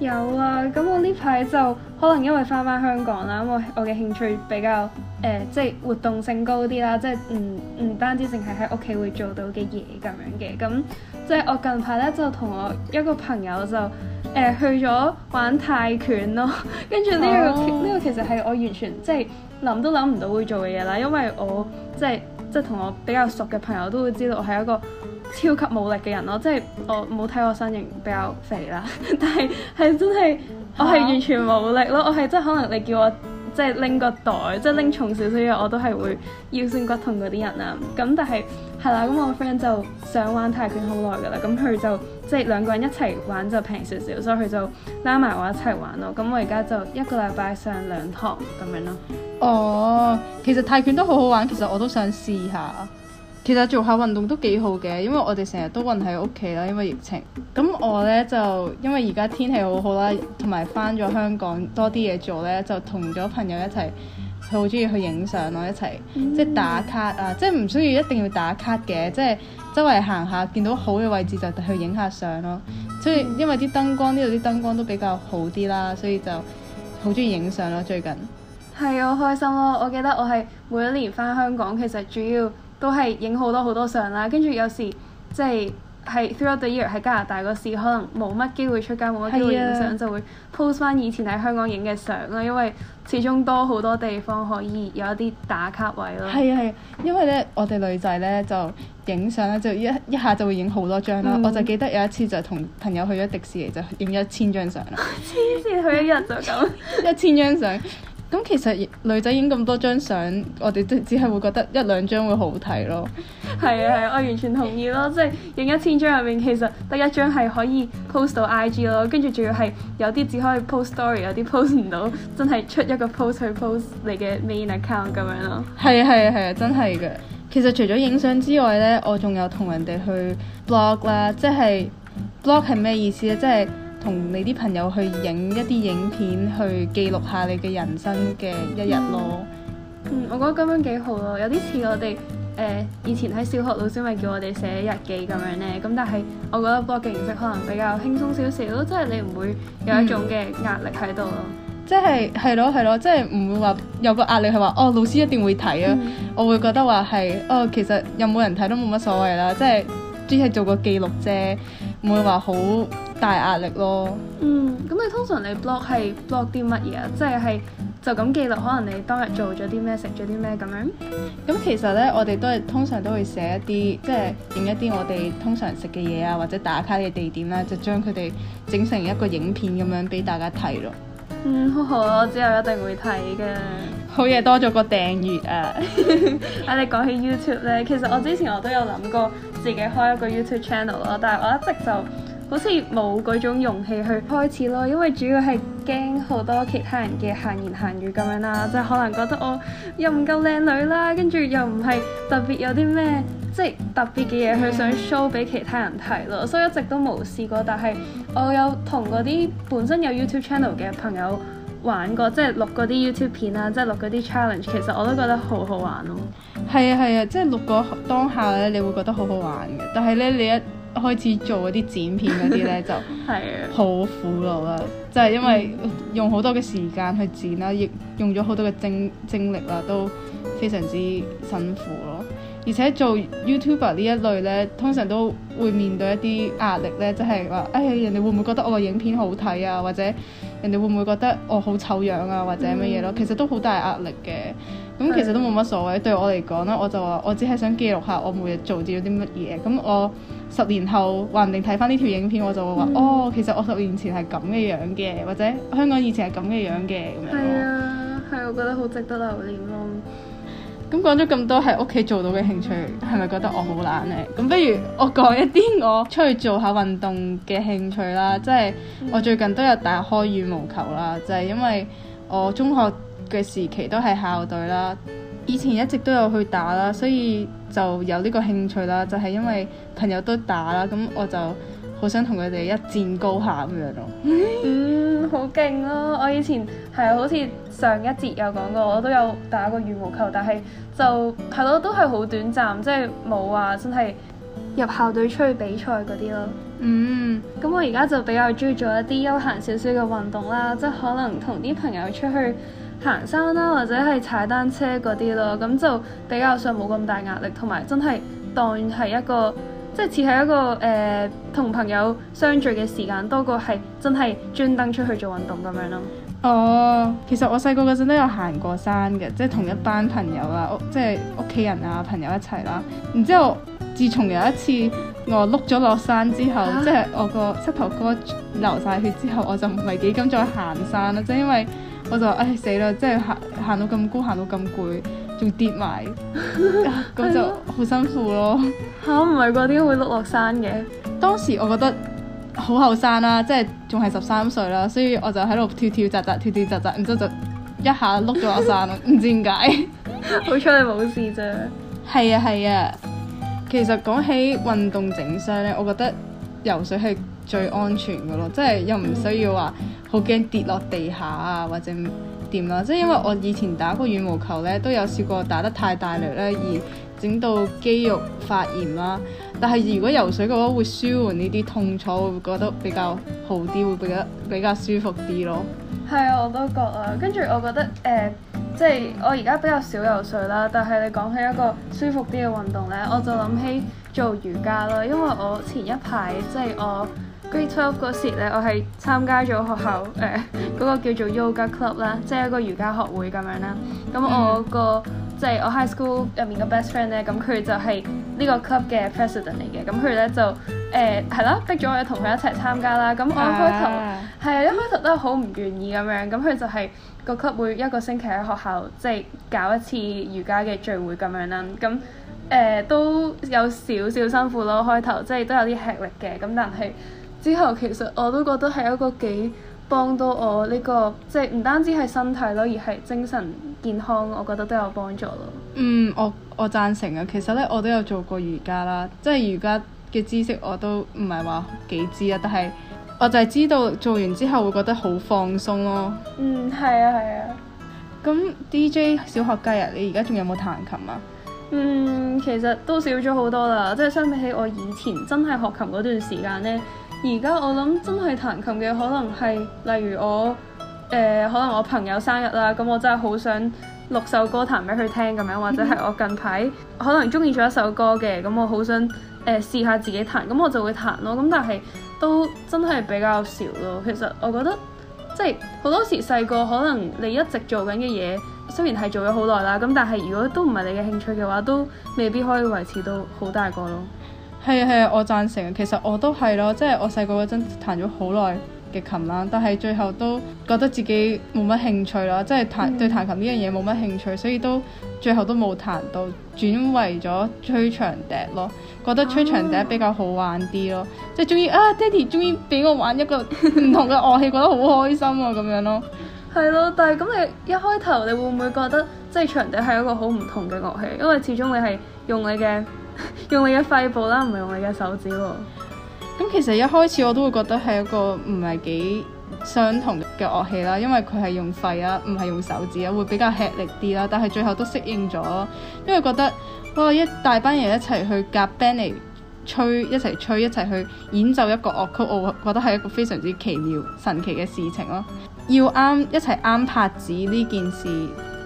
有啊，咁我呢排就可能因為返返香港啦，我我嘅興趣比較誒、呃，即係活動性高啲啦，即係唔唔單止淨係喺屋企會做到嘅嘢咁樣嘅，咁即係我近排呢，就同我一個朋友就誒、呃、去咗玩泰拳咯，跟住呢個呢、oh. 個其實係我完全即係諗都諗唔到會做嘅嘢啦，因為我即係即係同我比較熟嘅朋友都會知道我係一個。超級冇力嘅人咯，即係我冇睇我，我身形比較肥啦，但係係真係我係完全冇力咯，啊、我係即係可能你叫我即係拎個袋，即係拎重少少嘢我都係會腰酸骨痛嗰啲人啊。咁但係係啦，咁我個 friend 就想玩泰拳好耐噶啦，咁佢就即係兩個人一齊玩就平少少，所以佢就拉埋我一齊玩咯。咁我而家就一個禮拜上兩堂咁樣咯。哦，其實泰拳都好好玩，其實我都想試下。其實做下運動都幾好嘅，因為我哋成日都困喺屋企啦，因為疫情。咁我呢，就因為而家天氣好好啦，同埋翻咗香港多啲嘢做呢，就同咗朋友一齊。佢好中意去影相咯，一齊、嗯、即係打卡啊！即係唔需要一定要打卡嘅，即係周圍行下，見到好嘅位置就去影下相咯。所以、嗯、因為啲燈光呢度啲燈光都比較好啲啦，所以就好中意影相咯。最近係我開心咯。我記得我係每一年翻香港，其實主要，都係影好多好多相啦，跟住有時即係係 throughout the year 喺加拿大嗰時，可能冇乜機會出街，冇乜機會影相，是啊、就會 post 翻以前喺香港影嘅相啦。因為始終多好多地方可以有一啲打卡位咯。係啊係，因為咧我哋女仔咧就影相咧，就一一下就會影好多張啦。嗯、我就記得有一次就同朋友去咗迪士尼就影咗一千張相啦。黐線， <laughs> 去一日就咁。 <laughs> <laughs> 一千張相。咁其實女仔影咁多張相，我哋都只係會覺得一兩張會好睇咯。係啊係啊，我完全同意咯， <laughs> 即係影一千張入面，其實得一張係可以 post 到 IG 咯，跟住仲要係有啲只可以 post story，有啲 post 唔到，真係出一個 post 去 post 你嘅 main account 咁樣咯。係啊係啊係啊，真係嘅。其實除咗影相之外呢，我仲有同人哋去 blog 啦，即係 blog 係咩意思咧？即、就、係、是。 <noise> <noise> 同你啲朋友去影一啲影片，去記錄下你嘅人生嘅一日咯。嗯。嗯，我覺得咁樣幾好咯，有啲似我哋誒、呃、以前喺小學老師咪叫我哋寫日記咁樣咧。咁但係我覺得 blog 嘅形式可能比較輕鬆少少，咯，即係你唔會有一種嘅壓力喺度咯。嗯、即係，係咯係咯，即係唔會話有個壓力係話哦老師一定會睇啊。嗯、我會覺得話係哦其實有冇人睇都冇乜所謂啦，即係，只係做個記錄啫。唔會話好大壓力咯。嗯，咁你通常你 blog 係 blog 啲乜嘢啊？即係就咁、係、記錄，可能你當日做咗啲咩，食咗啲咩咁樣。咁、嗯、其實呢，我哋都係通常都會寫一啲，即係影一啲我哋通常食嘅嘢啊，或者打卡嘅地點啦、啊，就將佢哋整成一個影片咁樣俾大家睇咯。嗯，好好，我之後一定會睇嘅。好嘢多咗個訂閱啊！啊， <laughs> 你講起 YouTube 呢，其實我之前我都有諗過自己開一個 YouTube channel 咯，但係我一直就～好似冇嗰種勇氣去開始咯，因為主要係驚好多其他人嘅閒言閒語咁樣啦，即係可能覺得我又唔夠靚女啦，跟住又唔係特別有啲咩即係特別嘅嘢去想 show 俾其他人睇咯，所以一直都冇試過。但係我有同嗰啲本身有 YouTube channel 嘅朋友玩過，即係錄嗰啲 YouTube 片啊，即係錄嗰啲 challenge，其實我都覺得好好玩咯。係啊係啊，即係錄嗰當下咧，你會覺得好好玩嘅。但係咧，你一開始做嗰啲剪片嗰啲呢， <laughs> 的就係好苦勞苦惱啦，就係、是、因為用好多嘅時間去剪啦，亦用咗好多嘅精精力啦，都非常之辛苦咯。而且做 YouTube 呢一類呢，通常都會面對一啲壓力呢，即係話誒人哋會唔會覺得我個影片好睇啊，或者人哋會唔會覺得我好醜樣啊，嗯、或者乜嘢咯？其實都好大壓力嘅。咁其實都冇乜所謂，的對我嚟講呢，我就話我只係想記錄下我每日做咗啲乜嘢咁我。十年後，話唔定睇翻呢條影片，我就會話、嗯、哦，其實我十年前係咁嘅樣嘅，或者香港以前係咁嘅樣嘅咁樣咯。係啊、嗯，係，我覺得好值得留念咯。咁講咗咁多喺屋企做到嘅興趣，係咪、嗯、覺得我好懶咧？咁不如我講一啲我出去做下運動嘅興趣啦。即係我最近都有打開羽毛球啦，就係、是、因為我中學嘅時期都係校隊啦。以前一直都有去打啦，所以就有呢個興趣啦。就係因為朋友都打啦，咁我就好想同佢哋一戰高下咁樣咯。嗯，好勁咯！我以前係好似上一節有講過，我都有打過羽毛球，但係就係咯，都係好短暫，即係冇話真係入校隊出去比賽嗰啲咯。嗯，咁我而家就比較中意做一啲休閒少少嘅運動啦，即係可能同啲朋友出去，行山啦、啊，或者係踩單車嗰啲咯，咁就比較上冇咁大壓力，同埋真係當係一個即係似係一個誒同、呃、朋友相聚嘅時間多過係真係專登出去做運動咁樣咯、啊。哦，其實我細個嗰陣都有行過山嘅，即係同一班朋友啊，即係屋企人啊朋友一齊啦。然之後，自從有一次我碌咗落山之後，啊、即係我個膝頭哥流晒血之後，我就唔係幾敢再行山啦，即係因為。我就話唉死啦！即係行行到咁高，行到咁攰，仲跌埋，咁、 <laughs> 啊、就好辛苦咯。吓、啊，唔係啩？點解會碌落山嘅？當時我覺得好後生啦，即係仲係十三歲啦、啊，所以我就喺度跳跳扎扎，跳跳扎扎，然之後就一下碌咗落山咯，唔 <laughs> 知點解。 <laughs> 好彩你冇事啫。係 <laughs> 啊係啊，啊，其實講起運動整傷咧，我覺得游水係。最安全嘅咯，即係又唔需要話好驚跌落地下啊，或者點啦。即係因為我以前打過羽毛球呢，都有試過打得太大力呢，而整到肌肉發炎啦。但係如果游水嘅話，會舒緩呢啲痛楚，會覺得比較好啲，會比較比較舒服啲咯。係啊，我都覺啊。跟住我覺得誒，即係我而家比較少游水啦。但係你講起一個舒服啲嘅運動呢，我就諗起做瑜伽啦。因為我前一排即係我。g r e a t w e v e 嗰時咧，我係參加咗學校誒嗰、呃那個叫做 Yoga club 啦，即係一個瑜伽學會咁樣啦。咁我個即係我 high school 入面嘅 best friend 咧，咁佢就係呢個 club 嘅 president 嚟嘅。咁佢咧就誒係咯，逼咗我同佢一齊參加啦。咁我開頭係啊，一、uh huh. 開頭都係好唔願意咁樣。咁佢就係個 club 會一個星期喺學校即係、就是、搞一次瑜伽嘅聚會咁樣啦。咁誒、呃、都有少少辛苦咯，開頭即係都有啲吃力嘅。咁但係～之後其實我都覺得係一個幾幫到我呢個，即係唔單止係身體咯，而係精神健康，我覺得都有幫助咯。嗯，我我贊成啊。其實咧，我都有做過瑜伽啦，即係瑜伽嘅知識我都唔係話幾知啊，但係我就係知道做完之後會覺得好放鬆咯。嗯，係啊，係啊。咁 DJ 小學雞啊，你而家仲有冇彈琴啊？嗯，其實都少咗好多啦。即係相比起我以前真係學琴嗰段時間呢。而家我諗真係彈琴嘅可能係，例如我誒、呃、可能我朋友生日啦，咁我真係好想錄首歌彈俾佢聽咁樣，或者係我近排可能中意咗一首歌嘅，咁我好想誒試下自己彈，咁我就會彈咯。咁但係都真係比較少咯。其實我覺得即係好多時細個可能你一直做緊嘅嘢，雖然係做咗好耐啦，咁但係如果都唔係你嘅興趣嘅話，都未必可以維持到好大個咯。係啊係啊，我贊成啊！其實我都係咯，即係我細個嗰陣彈咗好耐嘅琴啦，但係最後都覺得自己冇乜興趣啦，嗯、即係彈對彈琴呢樣嘢冇乜興趣，所以都最後都冇彈到，轉為咗吹長笛咯。覺得吹長笛比較好玩啲咯，啊、即係終於啊，爹哋終於俾我玩一個唔同嘅樂器， <laughs> 覺得好開心啊咁樣咯。係咯，但係咁你一開頭你會唔會覺得即係長笛係一個好唔同嘅樂器？因為始終你係用你嘅。 <laughs> 用你嘅肺部啦，唔係用你嘅手指喎、哦。咁其實一開始我都會覺得係一個唔係幾相同嘅樂器啦，因為佢係用肺啊，唔係用手指啊，會比較吃力啲啦。但係最後都適應咗，因為覺得哇一大班人一齊去夾 band 嚟吹，一齊吹，一齊去演奏一個樂曲，我覺得係一個非常之奇妙、神奇嘅事情咯。要啱一齊啱拍子呢件事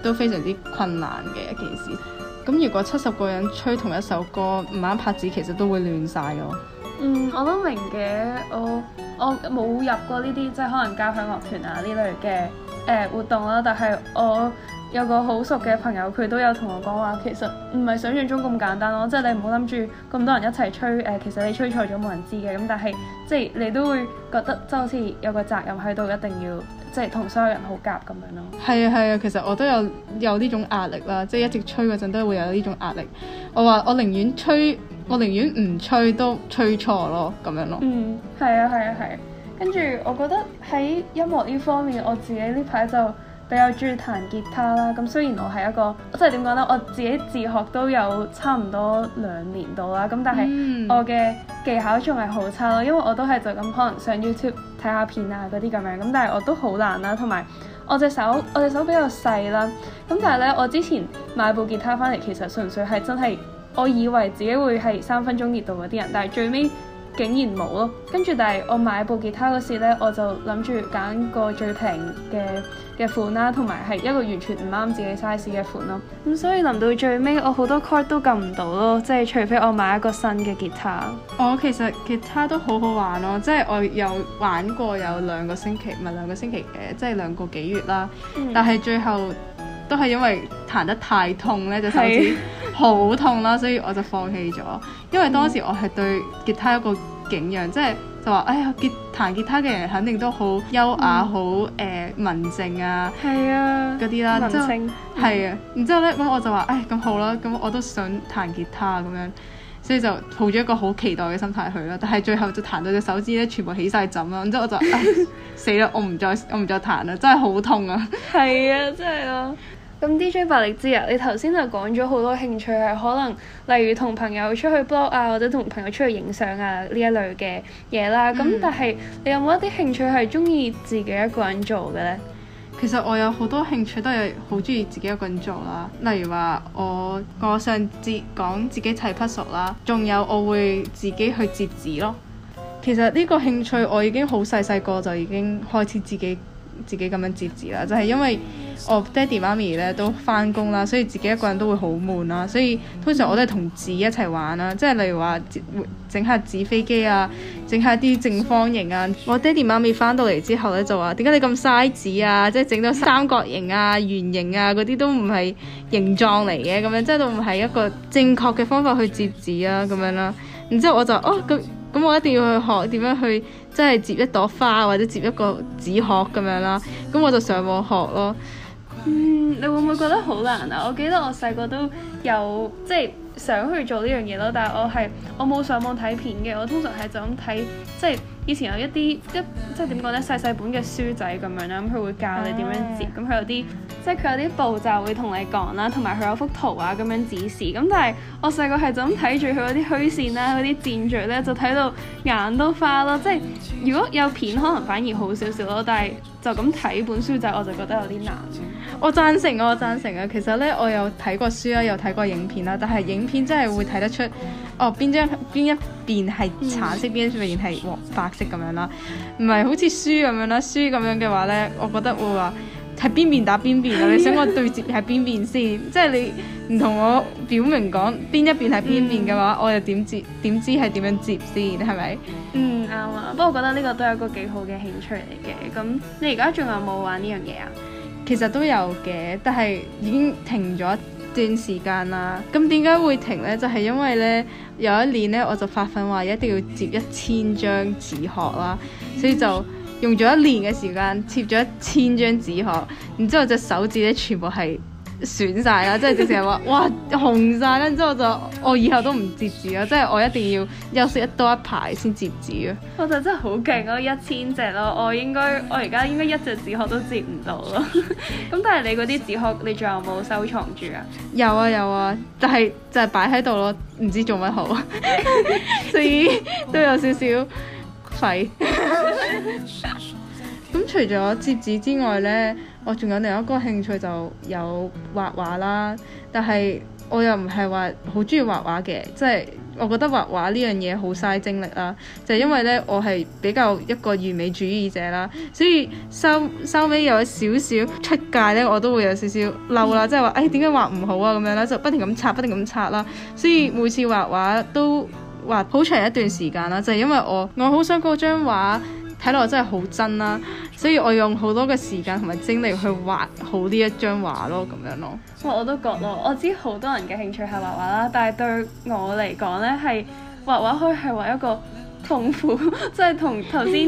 都非常之困難嘅一件事。咁如果七十個人吹同一首歌，唔啱拍子其實都會亂晒咯。嗯，我都明嘅。我我冇入過呢啲即係可能交響樂團啊呢類嘅誒、呃、活動啦、啊。但係我有個好熟嘅朋友，佢都有同我講話，其實唔係想像中咁簡單咯、啊。即係你唔好諗住咁多人一齊吹誒、呃，其實你吹錯咗冇人知嘅。咁但係即係你都會覺得即係好似有個責任喺度，一定要。即係同所有人好夾咁樣咯。係啊係啊，其實我都有有呢種壓力啦，即係一直吹嗰陣都會有呢種壓力。我話我寧願吹，我寧願唔吹都吹錯咯咁樣咯。嗯，係啊係啊係。跟住我覺得喺音樂呢方面，我自己呢排就比較中意彈吉他啦。咁、嗯、雖然我係一個，即係點講呢？我自己自學都有差唔多兩年到啦。咁但係我嘅技巧仲係好差咯，因為我都係就咁可能上 YouTube。睇下片啊，嗰啲咁樣咁，但係我都好難啦、啊，同埋我隻手我隻手比較細啦，咁但係呢，我之前買部吉他翻嚟，其實純粹係真係我以為自己會係三分鐘熱度嗰啲人，但係最尾，竟然冇咯，跟住但係我買部吉他嗰時呢，我就諗住揀個最平嘅嘅款啦、啊，同埋係一個完全唔啱自己 size 嘅款咯、啊。咁、嗯、所以臨到最尾，我好多 chord 都撳唔到咯，即係除非我買一個新嘅吉他。我其實吉他都好好玩咯，即係我有玩過有兩個星期，唔係兩個星期嘅，即係兩個幾月啦。嗯、但係最後。都係因為彈得太痛咧，隻手指好痛啦，所以我就放棄咗。因為當時我係對吉他一個景仰，即係就話哎呀，結彈吉他嘅人肯定都好優雅，好誒、嗯呃、文靜啊，係啊，嗰啲啦，文靜。係啊。然之後咧咁，嗯、我就話唉，咁、哎、好啦，咁我都想彈吉他咁樣，所以就抱咗一個好期待嘅心態去啦。但係最後就彈到隻手指咧，全部起晒枕啦。然之後我就、哎、死啦，我唔再我唔再彈啦，真係好痛啊！係啊，啊，真係咯。咁 D.J. 百力滋啊，你頭先就講咗好多興趣係可能，例如同朋友出去 blog 啊，或者同朋友出去影相啊呢一類嘅嘢啦。咁、嗯、但係你有冇一啲興趣係中意自己一個人做嘅呢？其實我有好多興趣都係好中意自己一個人做啦。例如話我我上節講自己砌 puzzle 啦，仲有我會自己去折紙咯。其實呢個興趣我已經好細細個就已經開始自己。自己咁樣折紙啦，就係因為我爹哋媽咪咧都翻工啦，所以自己一個人都會好悶啦，所以通常我都係同紙一齊玩啦，即係例如話整下紙飛機啊，整下啲正方形啊。我爹哋媽咪翻到嚟之後咧就話：點解你咁嘥紙啊？即係整到三角形啊、圓形啊嗰啲都唔係形狀嚟嘅，咁樣即係都唔係一個正確嘅方法去折紙啊，咁樣啦。然之後我就哦咁。咁我一定要去學點樣去，即係折一朵花或者折一個紙殼咁樣啦。咁我就上網學咯。嗯，你會唔會覺得好難啊？我記得我細個都有即係想去做呢樣嘢咯，但係我係我冇上網睇片嘅，我通常係就咁睇即係。以前有一啲一，即係點講呢？細細本嘅書仔咁樣啦，咁佢會教你點樣折，咁佢、哎嗯、有啲即係佢有啲步驟會同你講啦，同埋佢有，有幅圖啊咁樣指示。咁但係我細個係就咁睇住佢嗰啲虛線啦，啊，嗰啲箭咀呢，就睇到眼都花咯。即係如果有片可能反而好少少咯，但係就咁睇本書仔我就覺得有啲難。我贊成啊，我贊成啊。其實呢，我有睇過書啦，有睇過影片啦，但係影片真係會睇得出哦邊張邊一邊係橙色，邊一邊係黃識咁樣啦，唔係好似輸咁樣啦，輸咁樣嘅話呢，我覺得會話係邊邊打邊邊啊， <laughs> 你想我對接係邊邊先， <laughs> 即係你唔同我表明講邊一邊係邊邊嘅話，嗯、我又點接點知係點樣接先，係咪？嗯，啱啊，不過我覺得呢個都有一個幾好嘅興趣嚟嘅，咁你而家仲有冇玩呢樣嘢啊？其實都有嘅，但係已經停咗。段時間啦，咁點解會停呢？就係、是、因為呢，有一年呢，我就發奮話一定要接一千張紙鶴啦，所以就用咗一年嘅時間貼咗一千張紙鶴，然之後，隻手指咧全部係。損晒啦，即係成日話哇紅晒啦，之後就我以後都唔摺紙啦，即係我一定要休息一多一排先摺紙咯。我就真係好勁咯，一千隻咯，我應該我而家應該一隻紙鶴都摺唔到咯。咁 <laughs> 但係你嗰啲紙鶴你仲有冇收藏住啊？有啊有啊，但係就係擺喺度咯，唔知做乜好， <laughs> 所以都有少少廢。 <laughs> 咁除咗摺紙之外呢，我仲有另一個興趣，就有畫畫啦。但係我又唔係話好中意畫畫嘅，即係我覺得畫畫呢樣嘢好嘥精力啦。就因為呢，我係比較一個完美主義者啦，所以稍稍尾有少少出界呢，我都會有少少嬲啦，即係話，誒點解畫唔好啊咁樣咧，就不停咁擦，不停咁擦啦。所以每次畫畫都畫好長一段時間啦，就因為我我好想嗰張畫。睇落真係好真啦，啊，所以我用好多嘅時間同埋精力去畫好呢一張畫咯，咁樣咯。哇，我都覺咯，我知好多人嘅興趣係畫畫啦，但係對我嚟講呢係畫畫可以係畫一個。痛苦，即係同頭先第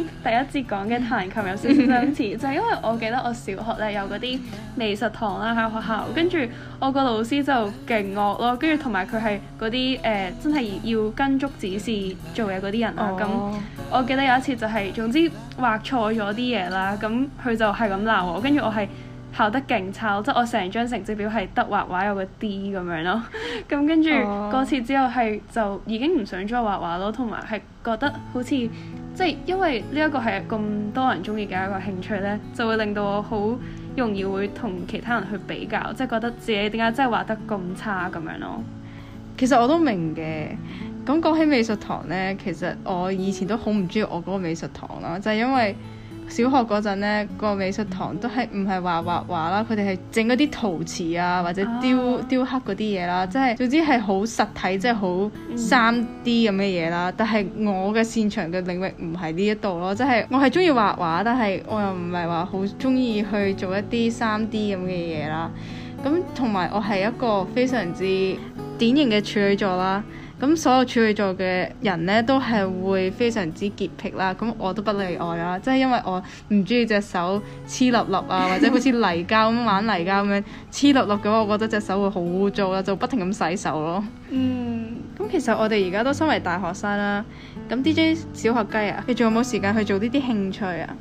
一節講嘅彈琴有少少相似， <laughs> 就係因為我記得我小學咧有嗰啲美術堂啦喺學校，跟住我個老師就勁惡咯，跟住同埋佢係嗰啲誒真係要跟足指示做嘢嗰啲人啦。咁、oh. 我記得有一次就係，總之畫錯咗啲嘢啦，咁佢就係咁鬧我，跟住我係。考得勁差，即係我成張成績表係得畫畫有個 D 咁樣咯。咁 <laughs> 跟住嗰次之後係就已經唔想再畫畫咯，同埋係覺得好似即係因為呢一個係咁多人中意嘅一個興趣呢，就會令到我好容易會同其他人去比較，即係覺得自己點解真係畫得咁差咁樣咯。其實我都明嘅。咁講起美術堂呢，其實我以前都好唔中意我嗰個美術堂啦，就係因為。小學嗰陣呢，個美術堂都係唔係話畫畫啦，佢哋係整一啲陶瓷啊，或者雕雕刻嗰啲嘢啦，即係、oh。總之係好實體，即係好三 D 咁嘅嘢啦。但係我嘅擅長嘅領域唔係呢一度咯，即係我係中意畫畫，但係我又唔係話好中意去做一啲三 D 咁嘅嘢啦。咁同埋我係一個非常之典型嘅處女座啦。咁所有處女座嘅人呢，都係會非常之潔癖啦。咁我都不例外啦，即係因為我唔中意隻手黐笠笠啊，或者好似泥膠咁 <laughs> 玩泥膠咁樣黐笠笠嘅話，我覺得隻手會好污糟啦，就不停咁洗手咯。嗯，咁其實我哋而家都身為大學生啦，咁 DJ 小學雞啊，你仲有冇時間去做呢啲興趣啊？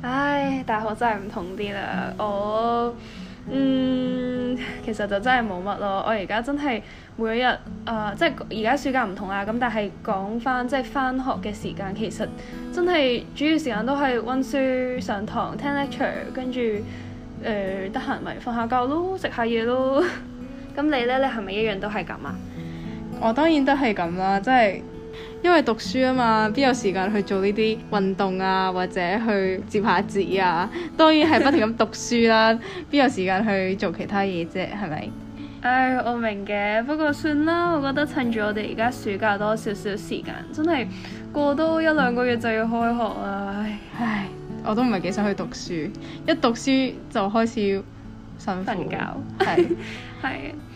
唉，大學真係唔同啲啦，我。嗯，其實就真係冇乜咯。我而家真係每一日啊、呃，即係而家暑假唔同啊。咁但係講返即係返學嘅時間，其實真係主要時間都係溫書、上堂、聽 lecture，跟住誒得閒咪瞓下覺咯，食下嘢咯。咁 <laughs> 你呢？你係咪一樣都係咁啊？我當然都係咁啦，即係。因為讀書啊嘛，邊有時間去做呢啲運動啊，或者去接下子啊？當然係不停咁讀書啦，啊，邊 <laughs> 有時間去做其他嘢啫，啊？係咪？唉，呃，我明嘅，不過算啦，我覺得趁住我哋而家暑假多少少時間，真係過多一兩個月就要開學啦。唉，唉，我都唔係幾想去讀書， <laughs> 一讀書就開始想瞓覺，係係是。 <laughs>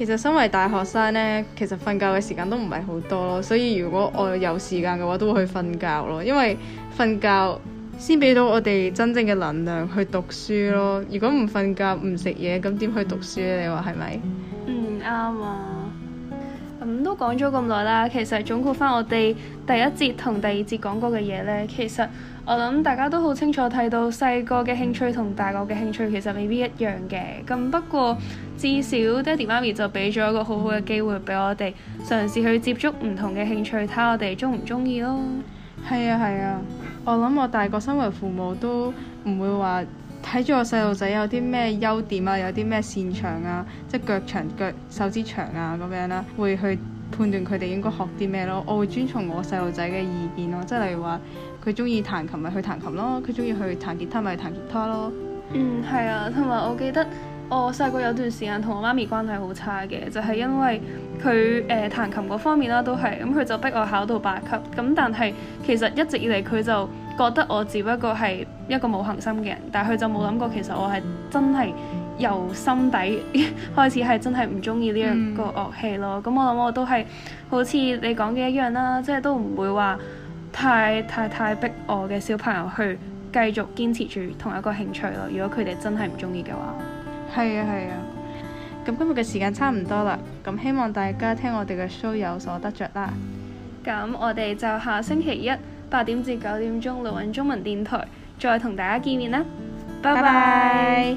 其實身為大學生呢，其實瞓覺嘅時間都唔係好多咯，所以如果我有時間嘅話，都會去瞓覺咯。因為瞓覺先俾到我哋真正嘅能量去讀書咯。如果唔瞓覺唔食嘢，咁點去讀書呢？你話係咪？唔啱啊。咁、嗯、都講咗咁耐啦，其實總括返我哋第一節同第二節講過嘅嘢呢，其實我諗大家都好清楚睇到細個嘅興趣同大個嘅興趣其實未必一樣嘅。咁不過至少爹哋媽咪就俾咗一個好好嘅機會俾我哋嘗試去接觸唔同嘅興趣，睇下我哋鍾唔鍾意咯。係啊係啊，我諗我大個身為父母都唔會話。睇住我細路仔有啲咩優點啊，有啲咩擅長啊，即係腳長、腳手指長啊咁樣啦、啊，會去判斷佢哋應該學啲咩咯。我會遵從我細路仔嘅意見咯，即係例如話佢中意彈琴咪去彈琴咯，佢中意去彈吉他咪去彈吉他咯。嗯，係啊，同埋我記得我細個有段時間同我媽咪關係好差嘅，就係、是、因為佢誒、呃、彈琴嗰方面啦，都係咁佢就逼我考到八級，咁但係其實一直以嚟佢就。覺得我只不過係一個冇恒心嘅人，但係佢就冇諗過其實我係真係由心底 <laughs> 開始係真係唔中意呢樣個樂器咯。咁、嗯、我諗我都係好似你講嘅一樣啦，即、就、係、係、都唔會話太太太逼我嘅小朋友去繼續堅持住同一個興趣咯。如果佢哋真係唔中意嘅話，係啊係啊。咁、啊、今日嘅時間差唔多啦，咁希望大家聽我哋嘅 show 有所得着啦。咁我哋就下星期一，八點至九點鐘嚟揾中文電台，再同大家見面啦！拜拜。